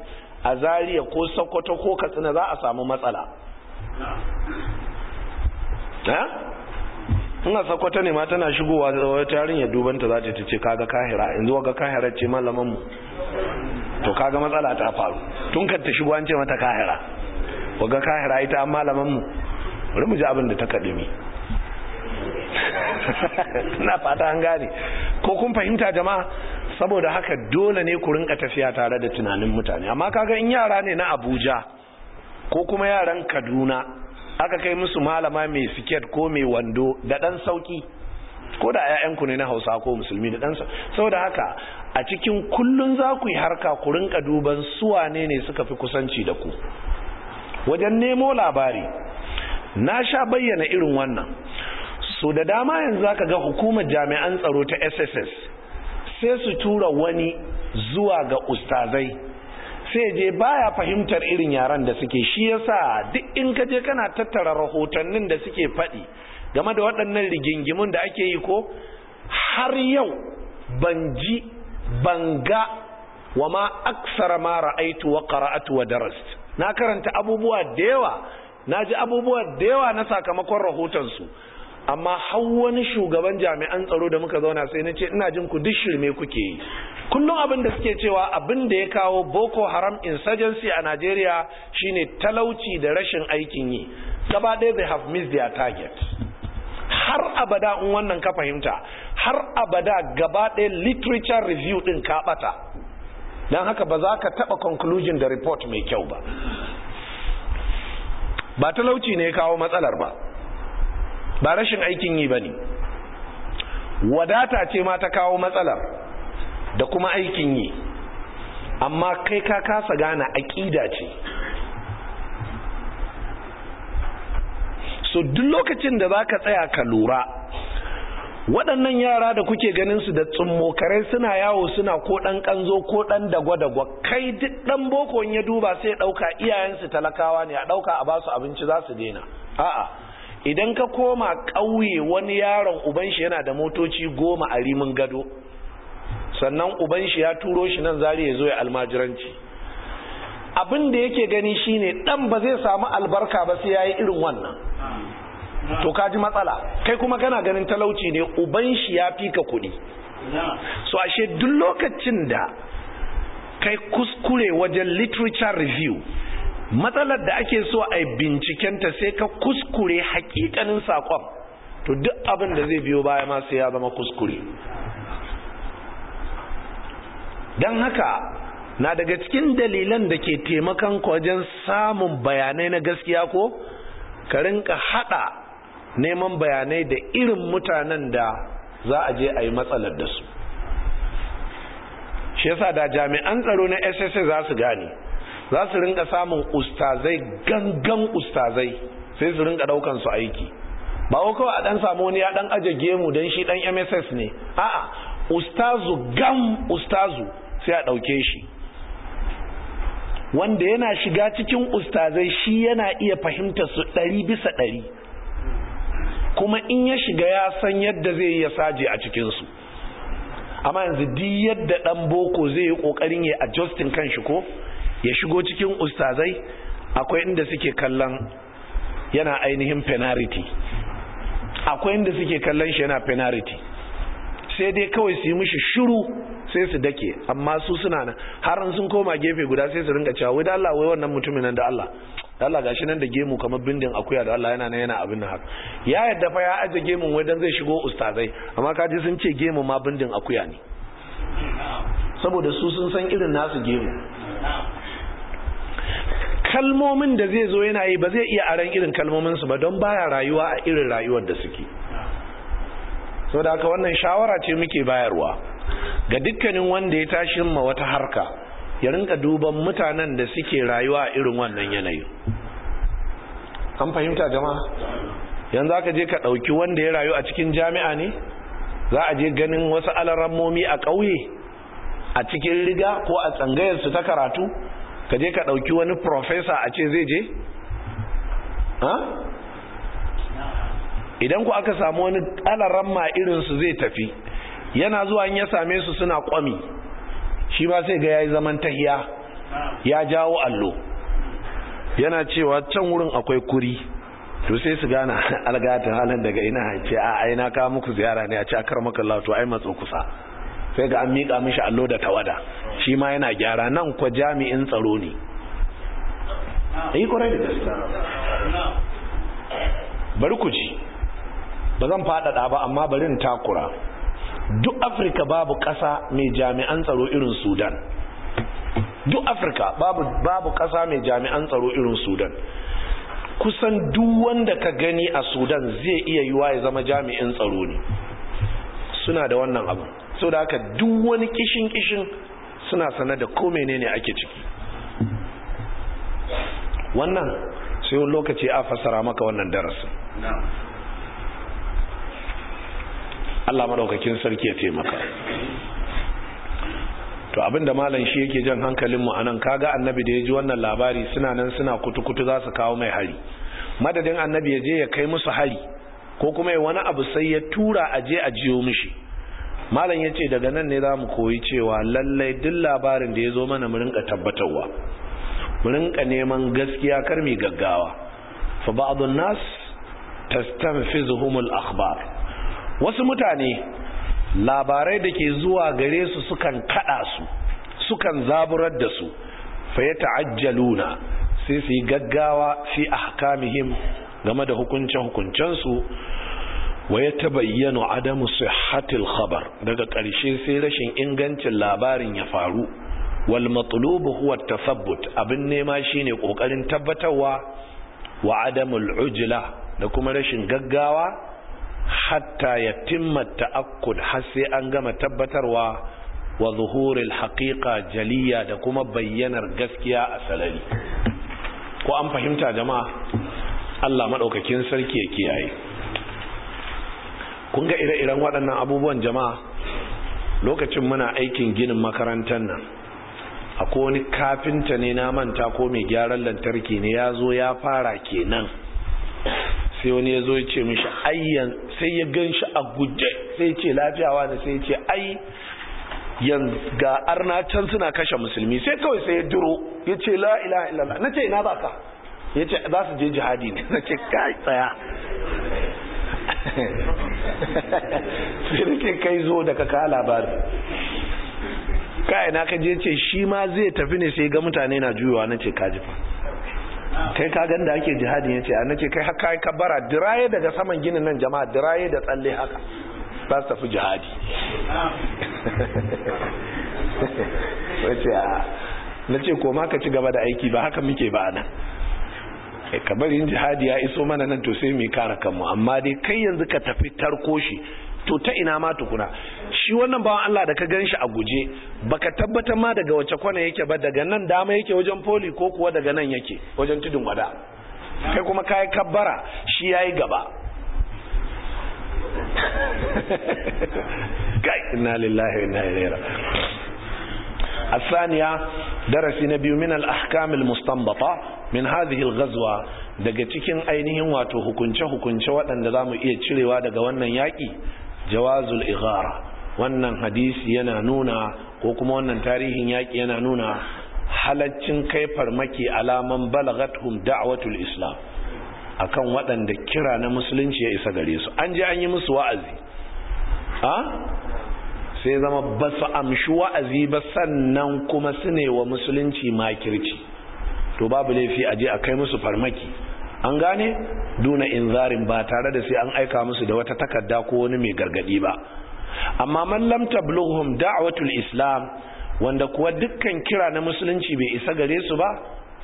Speaker 1: a zariya ko sokoto ko katsina za a samu matsala ina sakwata ne ma tana shigowa da wata yarinya dubanta za ta ce kaga kahira yanzu waga kahira ce malaman mu to kaga matsala ta faru tun kan ta shigo an ce mata kahira waga kahira ita an malaman mu bari mu ji abin da ta kadimi na fata an gane ko kun fahimta jama'a saboda haka dole ne ku rinka tafiya tare da tunanin mutane amma kaga in yara ne na Abuja ko kuma yaran Kaduna aka kai musu malama mai siket ko mai wando da ɗan sauki ko da 'ya'yanku ne na hausa ko musulmi da ɗansa saboda haka a cikin kullun za ku yi harka ku rinka duban suwa ne suka fi kusanci da ku wajen nemo labari na sha bayyana irin wannan so da dama yanzu za ka ga hukumar jami'an tsaro ta sss sai su tura wani zuwa ga ustazai sai je baya fahimtar irin yaran da suke shi yasa duk in ka je kana tattara rahotannin da suke faɗi game da waɗannan rigingimun da ake yi ko har yau ban ji ban ga wa ma aksara ma ra'aitu wa qara'atu wa darastu na karanta abubuwa da yawa na ji abubuwa da yawa na sakamakon su amma har wani shugaban jami'an tsaro da muka zauna sai na ce ina jin ku duk shirme kuke yi kullum abin da suke cewa abin da ya kawo boko haram insurgency a Najeriya shine talauci da rashin aikin yi gaba ɗaya they have missed their target har abada in wannan ka fahimta har abada gaba ɗaya literature review ɗin ka ɓata don haka ba za ka taɓa conclusion da report mai kyau ba ba talauci ne ya kawo matsalar ba ba rashin aikin yi ba ne wadata ce ma ta kawo matsala da kuma aikin yi amma kai ka kasa gane aƙida ce so duk lokacin da za ka tsaya ka lura waɗannan yara da kuke ganin su da tsummokarai suna yawo suna ko ɗan ƙanzo ko ɗan dagwa-dagwa kai duk ɗan boko ya duba sai ɗauka iyayensu talakawa ne a ɗauka a ba su abinci za su daina a'a idan ka koma ƙauye wani yaron uban shi yana da motoci goma a rimin gado sannan uban shi ya turo shi nan zari ya zo ya almajiranci abin da yake gani shine dan ba zai samu albarka ba sai yayi irin wannan to ka ji matsala kai kuma kana ganin talauci ne uban shi ya fi ka kuɗi so ashe duk lokacin da kai kuskure wajen literature review matsalar da ake so a bincikenta sai ka kuskure hakikanin sakon to duk abin da zai biyo baya ma sai ya zama kuskure don haka na daga cikin dalilan da ke taimakon wajen samun bayanai na gaskiya ko ka rinka hada neman bayanai da irin mutanen da za a je a yi matsalar da su shi yasa da jami'an tsaro na sss za su gane za su ringa samun ustazai gangan ustazai sai su ringa daukan su aiki ba ko kawai a dan samu wani ya dan aje gemu dan shi dan MSS ne a'a ustazu gam ustazu sai a dauke shi wanda yana shiga cikin ustazai shi yana iya fahimta su ɗari bisa ɗari kuma in ya shiga ya san yadda zai yi ya saje a cikinsu amma yanzu duk yadda ɗan boko zai yi ƙoƙarin ya adjustin shi ko ya shigo cikin ustazai akwai inda suke kallon yana ainihin penalty akwai inda suke kallon shi yana penalty sai dai kawai su yi mishi shiru sai su dake amma su suna nan har sun koma gefe guda sai su ringa cewa wai da Allah wai wannan mutumin nan da Allah da Allah gashi nan da gemu kamar bindin akuya da Allah yana nan yana abin nan haka ya yadda fa ya aje gemun wai dan zai shigo ustazai amma kaji sun ce gemu ma bindin akuya ne saboda su sun san irin nasu gemu kalmomin da zai zo yana yi ba zai iya aran irin kalmominsu ba don baya rayuwa a irin rayuwar da suke so da haka wannan shawara ce muke bayarwa ga dukkanin wanda ya tashi ma wata harka ya rinka duban mutanen da suke rayuwa a irin wannan yanayi an fahimta jama'a yanzu aka je ka ɗauki wanda ya rayu a cikin jami'a ne za a je ganin wasu alarammomi a ƙauye a cikin riga ko a tsangayarsu ta karatu ka je ka ɗauki wani profesa a ce zai je? idan ku aka samu wani ma irinsu zai tafi yana zuwa in ya same su suna kwami shi ba sai ga ya yi zaman tahiya ya jawo allo yana cewa can wurin akwai kuri to sai su gana algata halin daga ina ce a aina ka muku ziyara ne a ce a kar to ai matso kusa sai ga an miƙa mishi allo da tawada shi ma yana gyara nan kwa jami'in tsaro ne yi eh, kwarai da gaske bari ku ji ba zan faɗaɗa ba amma barin takura duk afirka babu ƙasa mai jami'an tsaro irin sudan duk afirka babu, babu ƙasa mai jami'an tsaro irin sudan kusan duk wanda ka gani a sudan zai iya yiwa ya zama jami'in tsaro ne suna da wannan abu so da haka duk wani kishin kishin suna sana da ko ne ake ciki wannan sai wani lokaci a fassara maka wannan darasin Allah maɗaukakin sarki ya taimaka to abinda malam shi yake jan hankalinmu a nan kaga annabi da ya ji wannan labari suna nan suna kutu-kutu za su kawo mai hari madadin annabi ya je ya kai musu hari ko kuma ya wani abu sai ya tura a je a jiyo mishi malam ya ce daga nan ne za mu koyi cewa lallai duk labarin da ya zo mana mu rinka tabbatarwa mu rinka neman gaskiya kar mu gaggawa fa ba'dun nas tastanfizuhum akhbar wasu mutane labarai da ke zuwa gare su sukan kada su sukan zaburar da su fa ya ta'ajjaluna sai su yi gaggawa fi ahkamihim game da hukunce hukuncensu wa ya bayyana adamu sihhatil khabar daga ƙarshe sai rashin ingancin labarin ya faru wal matlubu huwa tathabbut abin nema shine kokarin tabbatarwa wa adamul ujla da kuma rashin gaggawa hatta yatimma ta'akkud har sai an gama tabbatarwa wa zuhuril haqiqa jaliya da kuma bayyanar gaskiya a salari ko an fahimta jama'a Allah madaukakin sarki ya kiyaye kun ga ire-iren waɗannan abubuwan jama'a lokacin muna aikin ginin makarantar nan akwai wani kafinta ne na manta ko mai gyaran lantarki ne ya zo ya fara kenan sai wani ya zo ya ce mishi ayyan sai ya gan shi a guje sai ce lafiyawa ne sai ya ce ai yanzu ga arna can suna kashe musulmi sai kawai sai ya duro ya ce la ilala na ce ina ba ka ya ce za su je jihadi ne na ce kai tsaya sirkin kai zo daga ka ka labari kai na kaje ce shi ma zai tafi ne sai ga mutane na juyowa na ce kaji fa kai ka ganda ake jihadin ya ce a nace kai haka ka bara diraye daga saman ginin nan jama'a diraye da tsalle haka za su tafi jihadi wace na ce ma ka ci gaba da aiki ba haka muke ba nan yin eh, jihadi ya iso mana nan to sai mu kara kanmu amma dai kai yanzu ka tafi tarko shi to ta ina ma tukuna shi wannan bawan Allah da ka ganshi a guje baka tabbatar ma daga wace kwana yake ba daga nan dama yake wajen poli ko kuwa daga nan yake wajen tudun wada kai kuma kai kabbara shi yayi gaba kai inna lillahi wa inna ilaihi raji'un الثانية درس نبي من الأحكام المستنبطة min hadhihi daga cikin ainihin wato hukunce hukunce waɗanda za mu iya cirewa daga wannan yaki jawazul ighara wannan hadisi yana nuna ko kuma wannan tarihin yaki yana nuna halaccin kai farmaki alaman balagathum da'watul islam akan waɗanda kira na musulunci ya isa gare su an je an yi musu wa'azi ha sai zama ba su amshi wa'azi ba sannan kuma su ne wa musulunci makirci to babu laifi a je a kai musu farmaki an gane duna inzarin ba tare da sai an aika musu da wata takarda ko wani mai gargadi ba amma man lam tablughum da'watul islam wanda kuwa dukkan kira na musulunci bai isa gare su ba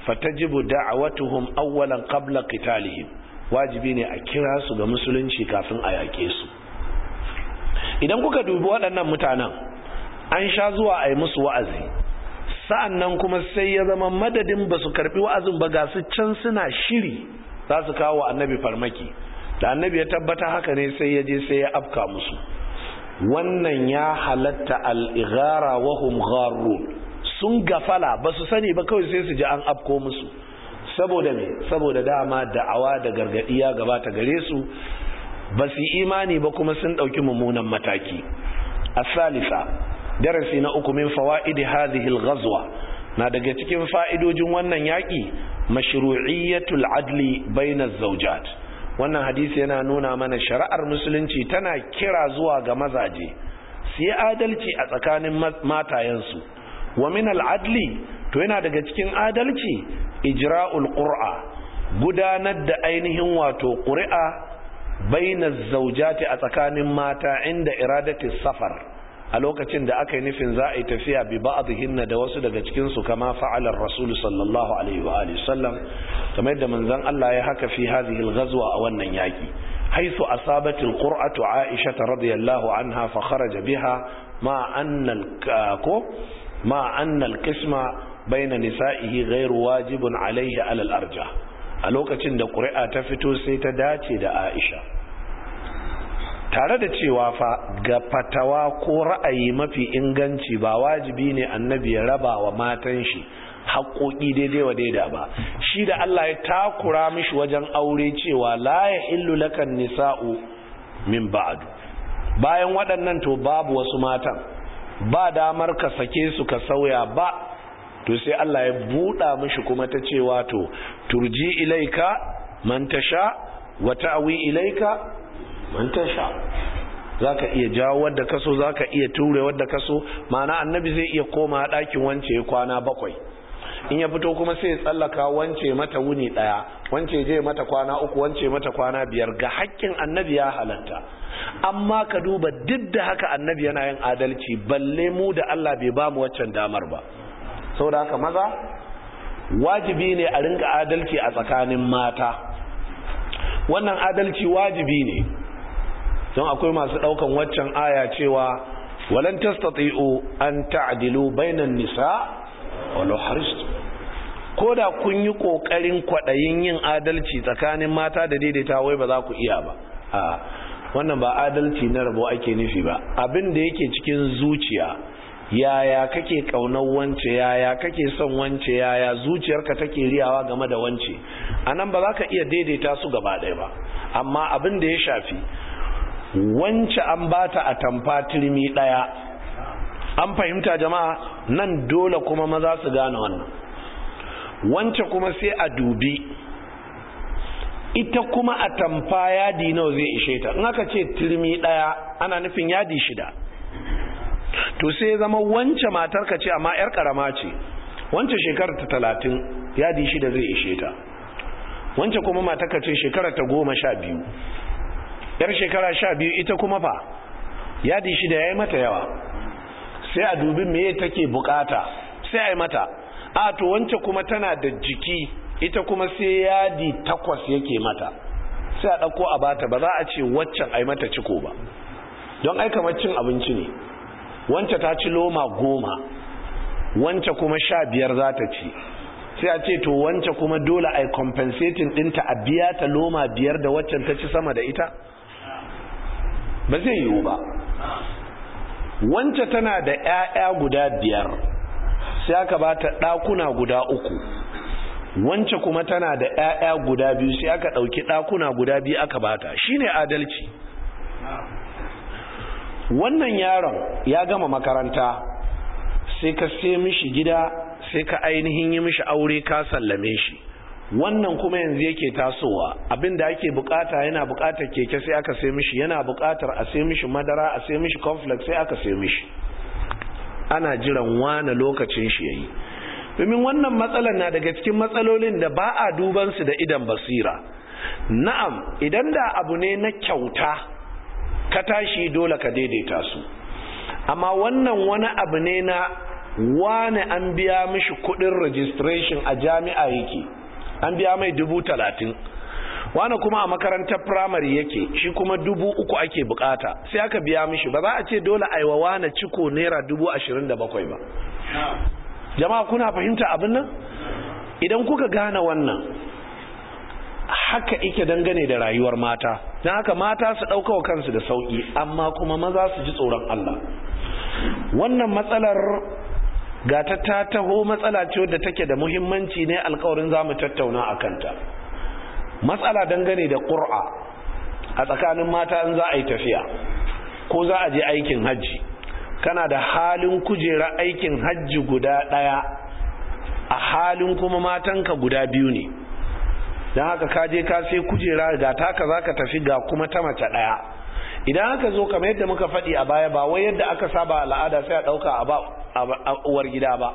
Speaker 1: fatajibu da'watuhum awwalan qabla qitalihim wajibi ne a kira su ga musulunci kafin a yaƙe su idan kuka dubi waɗannan mutanen an sha zuwa a yi musu wa'azi sa'an nan kuma sai ya zama madadin ba su karbi wa'azin ba ga su can suna shiri za su kawo annabi farmaki da annabi ya tabbata haka ne sai ya je sai ya afka musu wannan ya halatta al'igara wa gharun sun gafala ba su sani ba kawai sai su ji an afko musu saboda me saboda dama da'awa da gargadi ya gabata gare su ba su imani ba kuma sun ɗauki mummunan mataki a salisa darasi na uku min fawaidi hadhihi al na daga cikin fa'idojin wannan yaki mashru'iyyatul adli bainaz zawjat wannan hadisi yana nuna mana shari'ar musulunci tana kira zuwa ga mazaje su yi adalci a tsakanin matayensu wa min al to yana daga cikin adalci ijra'ul qur'a gudanar da ainihin wato qur'a bainaz zawjati a tsakanin mata inda iradati safar a lokacin da aka yi nufin za a yi tafiya bi ba'dhinna da wasu daga cikin kama fa'ala rasul sallallahu alaihi wa sallam kamar yadda manzon Allah ya haka fi hadhihi al a wannan yaki haisu asabat al-qur'atu Aisha radiyallahu anha hafa kharaja biha ma anna al-ko ma baina nisa'ihi gairu wajibin alaihi alal arja a lokacin da ƙuri'a ta fito sai ta dace da Aisha tare da cewa fa ga fatawa ko ra'ayi mafi inganci ba wajibi ne annabi ya raba wa matan shi haƙoƙi daidai wa daida ba shi da Allah ya takura mishi wajen aure cewa la ya illu lakan nisa'u min ba'du bayan waɗannan to babu wasu matan ba damar ka sake su ka sauya ba to sai Allah ya buɗa mishi kuma ta cewa to turji ilaika man tasha wa ta'wi ilaika man za ka iya jawo wadda kaso ka iya ture wadda kaso mana annabi zai iya koma ɗakin wance kwana bakwai in ya fito kuma sai ya tsallaka wance mata wuni ɗaya wance je mata kwana uku wance mata kwana biyar ga hakkin annabi ya halatta amma ka duba duk da haka annabi yana yin adalci balle mu da Allah bai bamu mu waccan damar ba Sau da haka maza wajibi ne a rinka adalci a tsakanin mata wannan adalci wajibi ne don akwai masu daukan waccan aya cewa walan tastati'u an ta'dilu bainan nisa walau harist ko da kun yi kokarin kwadayin yin adalci tsakanin mata da daidaita wai ba za ku iya ba a wannan ba adalci na rabo ake nufi ba abin da yake cikin zuciya yaya kake kaunar wance yaya kake son wance yaya zuciyarka take riyawa game da wance anan ba za ka iya daidaita su gaba ɗaya ba amma abin da ya shafi wance an bata a tamfa turmi daya an fahimta jama'a nan dole kuma maza su gane wannan wance kuma sai a dubi ita kuma a tamfa yadi nawa zai ishe ta in aka ce turmi daya ana nufin yadi shida to sai zama wance matar ka ce amma yar karama ce wance shekarar ta talatin yadi shida zai ishe ta wance kuma matar ka ce shekarar ta goma sha biyu yar shekara sha biyu ita kuma fa ya shi da ya yi mata yawa sai a dubi me take bukata sai a yi mata a to wance kuma tana da jiki ita kuma sai yadi takwas yake mata sai a ɗauko a bata ba za a ce waccan a yi mata ciko ba don aika cin abinci ne wance ta ci loma goma wance kuma sha biyar za ta ci sai a ce to wance kuma dole a yi compensating ɗinta a biya ta loma biyar da waccan ta ci sama da ita ba zai yiwu ba wance tana da 'ya'ya guda biyar sai aka ba ta ɗakuna guda uku wance kuma tana da 'ya'ya guda biyu sai aka ɗauki ɗakuna guda biyu aka ba ta shine adalci wannan yaron ya gama makaranta sai ka sai mishi gida sai ka ainihin yi mishi aure ka sallame shi wannan kuma yanzu yake tasowa abin da ake bukata yana bukatar keke sai aka sai mishi yana bukatar a sai mishi madara a sai mishi conflux sai aka sai mishi ana jiran wane lokacin shi yayi domin wannan matsalar na daga cikin matsalolin da ba a duban su da idan basira na'am idan da abu ne na kyauta ka tashi dole ka daidaita su amma wannan wani abu ne na wane an biya mishi kudin registration a jami'a yake an biya mai dubu talatin wani kuma a makarantar firamare yake shi kuma dubu uku ake bukata sai aka biya mishi ba za a ce dole aiwa wani ciko naira dubu ashirin da bakwai ba jama'a kuna fahimta abin nan idan kuka gane wannan haka ike dangane da rayuwar mata don haka mata su ɗaukawa kansu da sauƙi amma kuma maza su ji tsoron Allah wannan matsalar ga ta ta taho matsala ce wadda take da muhimmanci ne alkawarin za mu tattauna a kanta matsala dangane da ƙura a tsakanin mata in za a yi tafiya ko za a je aikin hajji kana da halin kujera aikin hajji guda ɗaya a halin kuma matanka guda biyu ne don haka kaje ka sai kujera ga taka za ka tafi ga kuma ta mace ɗaya idan aka zo kamar yadda muka faɗi a baya ba wai yadda aka saba al'ada sai a ɗauka a ba uwar gida ba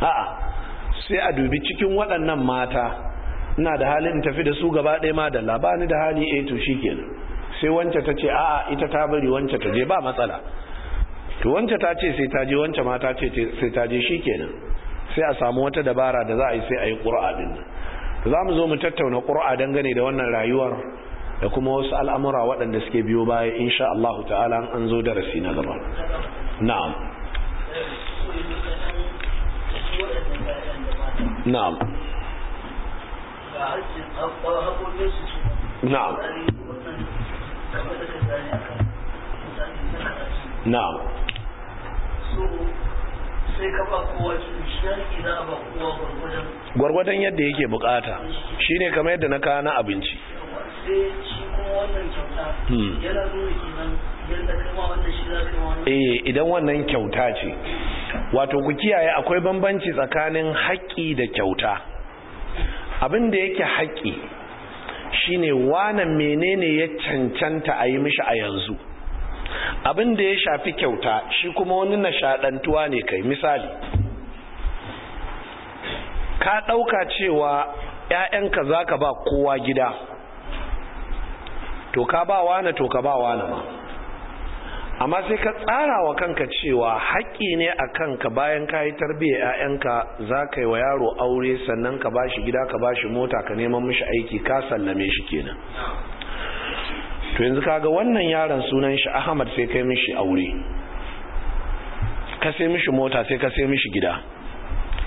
Speaker 1: a'a sai a dubi cikin waɗannan mata ina da halin tafi da su gaba ɗaya ma da labani da hali eh to shikenan sai wancan ta ce a'a ita ta bari wancan ta je ba matsala to wancan ta ce sai ta je wancan mata ce sai ta je shikenan sai a samu wata dabara da za a yi sai a yi ƙura'a din za mu zo mu tattauna ƙura'a dangane da wannan rayuwar da kuma wasu al'amura waɗanda suke biyo baya insha Allah ta'ala an zo darasi na gaba na'am na'am na'am na'am gwargwadon yadda yake bukata ne kamar yadda na kana abinci
Speaker 2: Eh, hmm.
Speaker 1: eh idan wannan kyauta ce wato ku kiyaye akwai bambanci tsakanin haƙƙi da kyauta abin da yake haƙƙi shine wane menene ya cancanta a yi mishi a yanzu abin da ya shafi kyauta shi kuma wani nashaɗantuwa ne kai misali ka ɗauka cewa ‘ya'yanka za ka ba kowa gida to ka ba wani to ka ba wani ma amma sai ka tsara wa kanka cewa haƙƙi ne a kanka bayan ka yi tarbiyyar 'ya'yanka za ka yi wa yaro aure sannan ka ba shi gida ka ba shi mota ka neman mishi aiki ka sallame shi kenan to yanzu kaga wannan yaron sunan shi ahmad sai kai mishi aure ka sai mishi mota sai ka sai mishi gida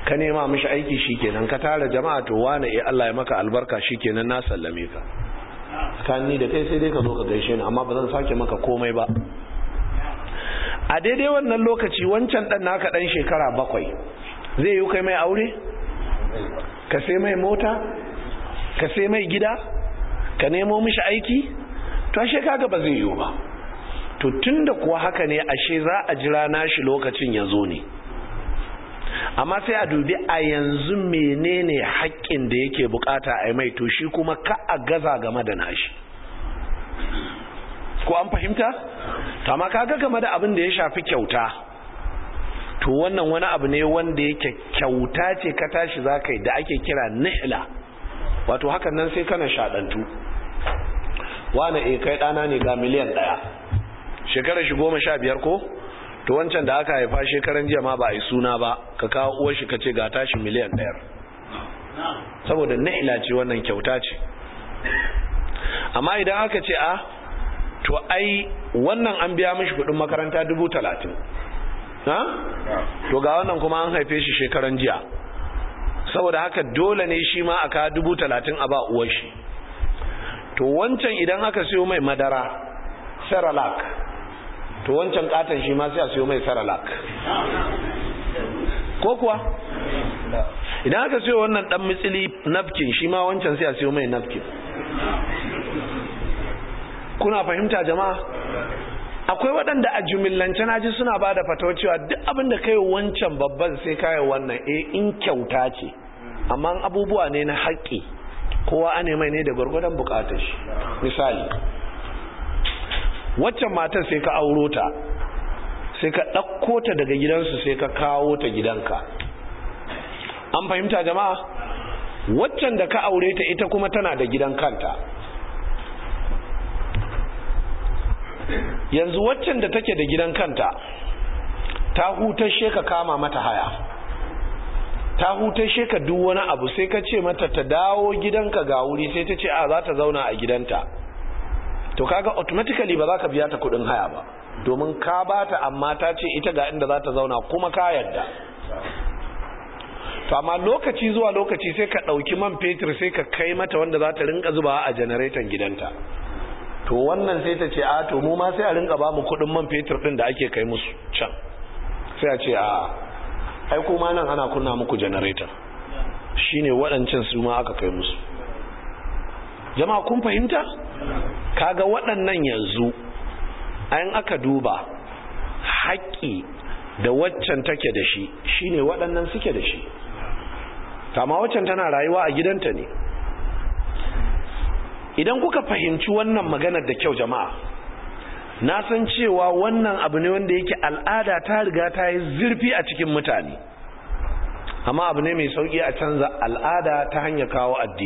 Speaker 1: ka nema mishi aiki shi kenan ka tara jama'a to wane eh Allah ya maka albarka shi kenan na sallame ka ni da kai sai dai ka zo ka gaishe ni amma ba zan sake maka komai ba a daidai wannan lokaci wancan dan naka dan shekara bakwai zai yi kai mai aure ka sai mai mota ka sai mai gida ka nemo mishi aiki to ashe kaga ba zai yiwu ba to tunda kuwa haka ne ashe za a jira nashi lokacin ya zo ne amma sai a dubi a yanzu menene haƙƙin da yake bukata a mai to shi kuma ka a gaza game da nashi ko an fahimta to amma kaga game da abin da ya shafi kyauta to wannan wani abu ne wanda yake kyauta ce ka tashi zakai da ake kira nihla wato hakan nan sai kana shaɗantu wane e kai ɗana ne ga miliyan ɗaya shekarar shi goma sha biyar ko to wancan da aka haifa shekaran jiya ma ba a yi suna ba ka kawo uwar shi ka ce ga tashi miliyan ɗayar saboda na'ila ce wannan kyauta ce amma idan aka ce a ah, to ai wannan an biya mishi kudin makaranta dubu talatin to ga wannan kuma an haife shi shekaran jiya saboda haka dole ne shi ma aka dubu talatin a ba uwar shi to wancan idan aka siyo mai madara seralak to wancan katon shi ma sai a siyo mai saralak ko kuwa idan aka siyo wannan dan mitsili napkin shi ma wancan sai a siyo mai napkin kuna fahimta jama'a akwai waɗanda a jumillance naji suna ba da fatawa cewa duk abin da kai wancan babban sai kai wannan eh in kyauta ce amma abubuwa ne na haƙƙi kowa ane mai ne da gwargwadon bukatar shi misali waccan matar sai ka auro ta sai ka ɗauko ta daga gidansu sai ka kawo ta gidanka an fahimta jama'a waccan da ka aure ta ita kuma tana da gidan kanta yanzu waccan da take da gidan kanta ta hutashe ka kama mata haya ta hutashe ka duk wani abu sai ka ce mata ta dawo gidanka ga wuri sai ta ce a za ta zauna a gidanta to kaga automatically ba za ka biya ta kudin haya ba domin ka bata amma ta ce ita ga inda za ta zauna kuma ka yarda to amma lokaci zuwa lokaci sai ka ɗauki man fetur sai ka kai mata wanda za ta rinka zuba a janareton gidanta to wannan sai ta ce a ah, to mu ma sai a rinka ba mu kuɗin man fetur ɗin da ake kai musu can sai a ce a ah, ai kuma nan ana kunna muku janareton shine waɗancan su ma aka kai musu jama'a kun fahimta kaga waɗannan yanzu an aka duba haƙƙi da waccan take da shi shine waɗannan suke da shi kama waccan tana rayuwa a gidanta ne idan kuka fahimci wannan maganar da kyau jama'a na san cewa wannan abu ne wanda yake al'ada ta riga ta yi zurfi a cikin mutane amma abu ne mai sauƙi a canza al'ada ta hanyar kawo addini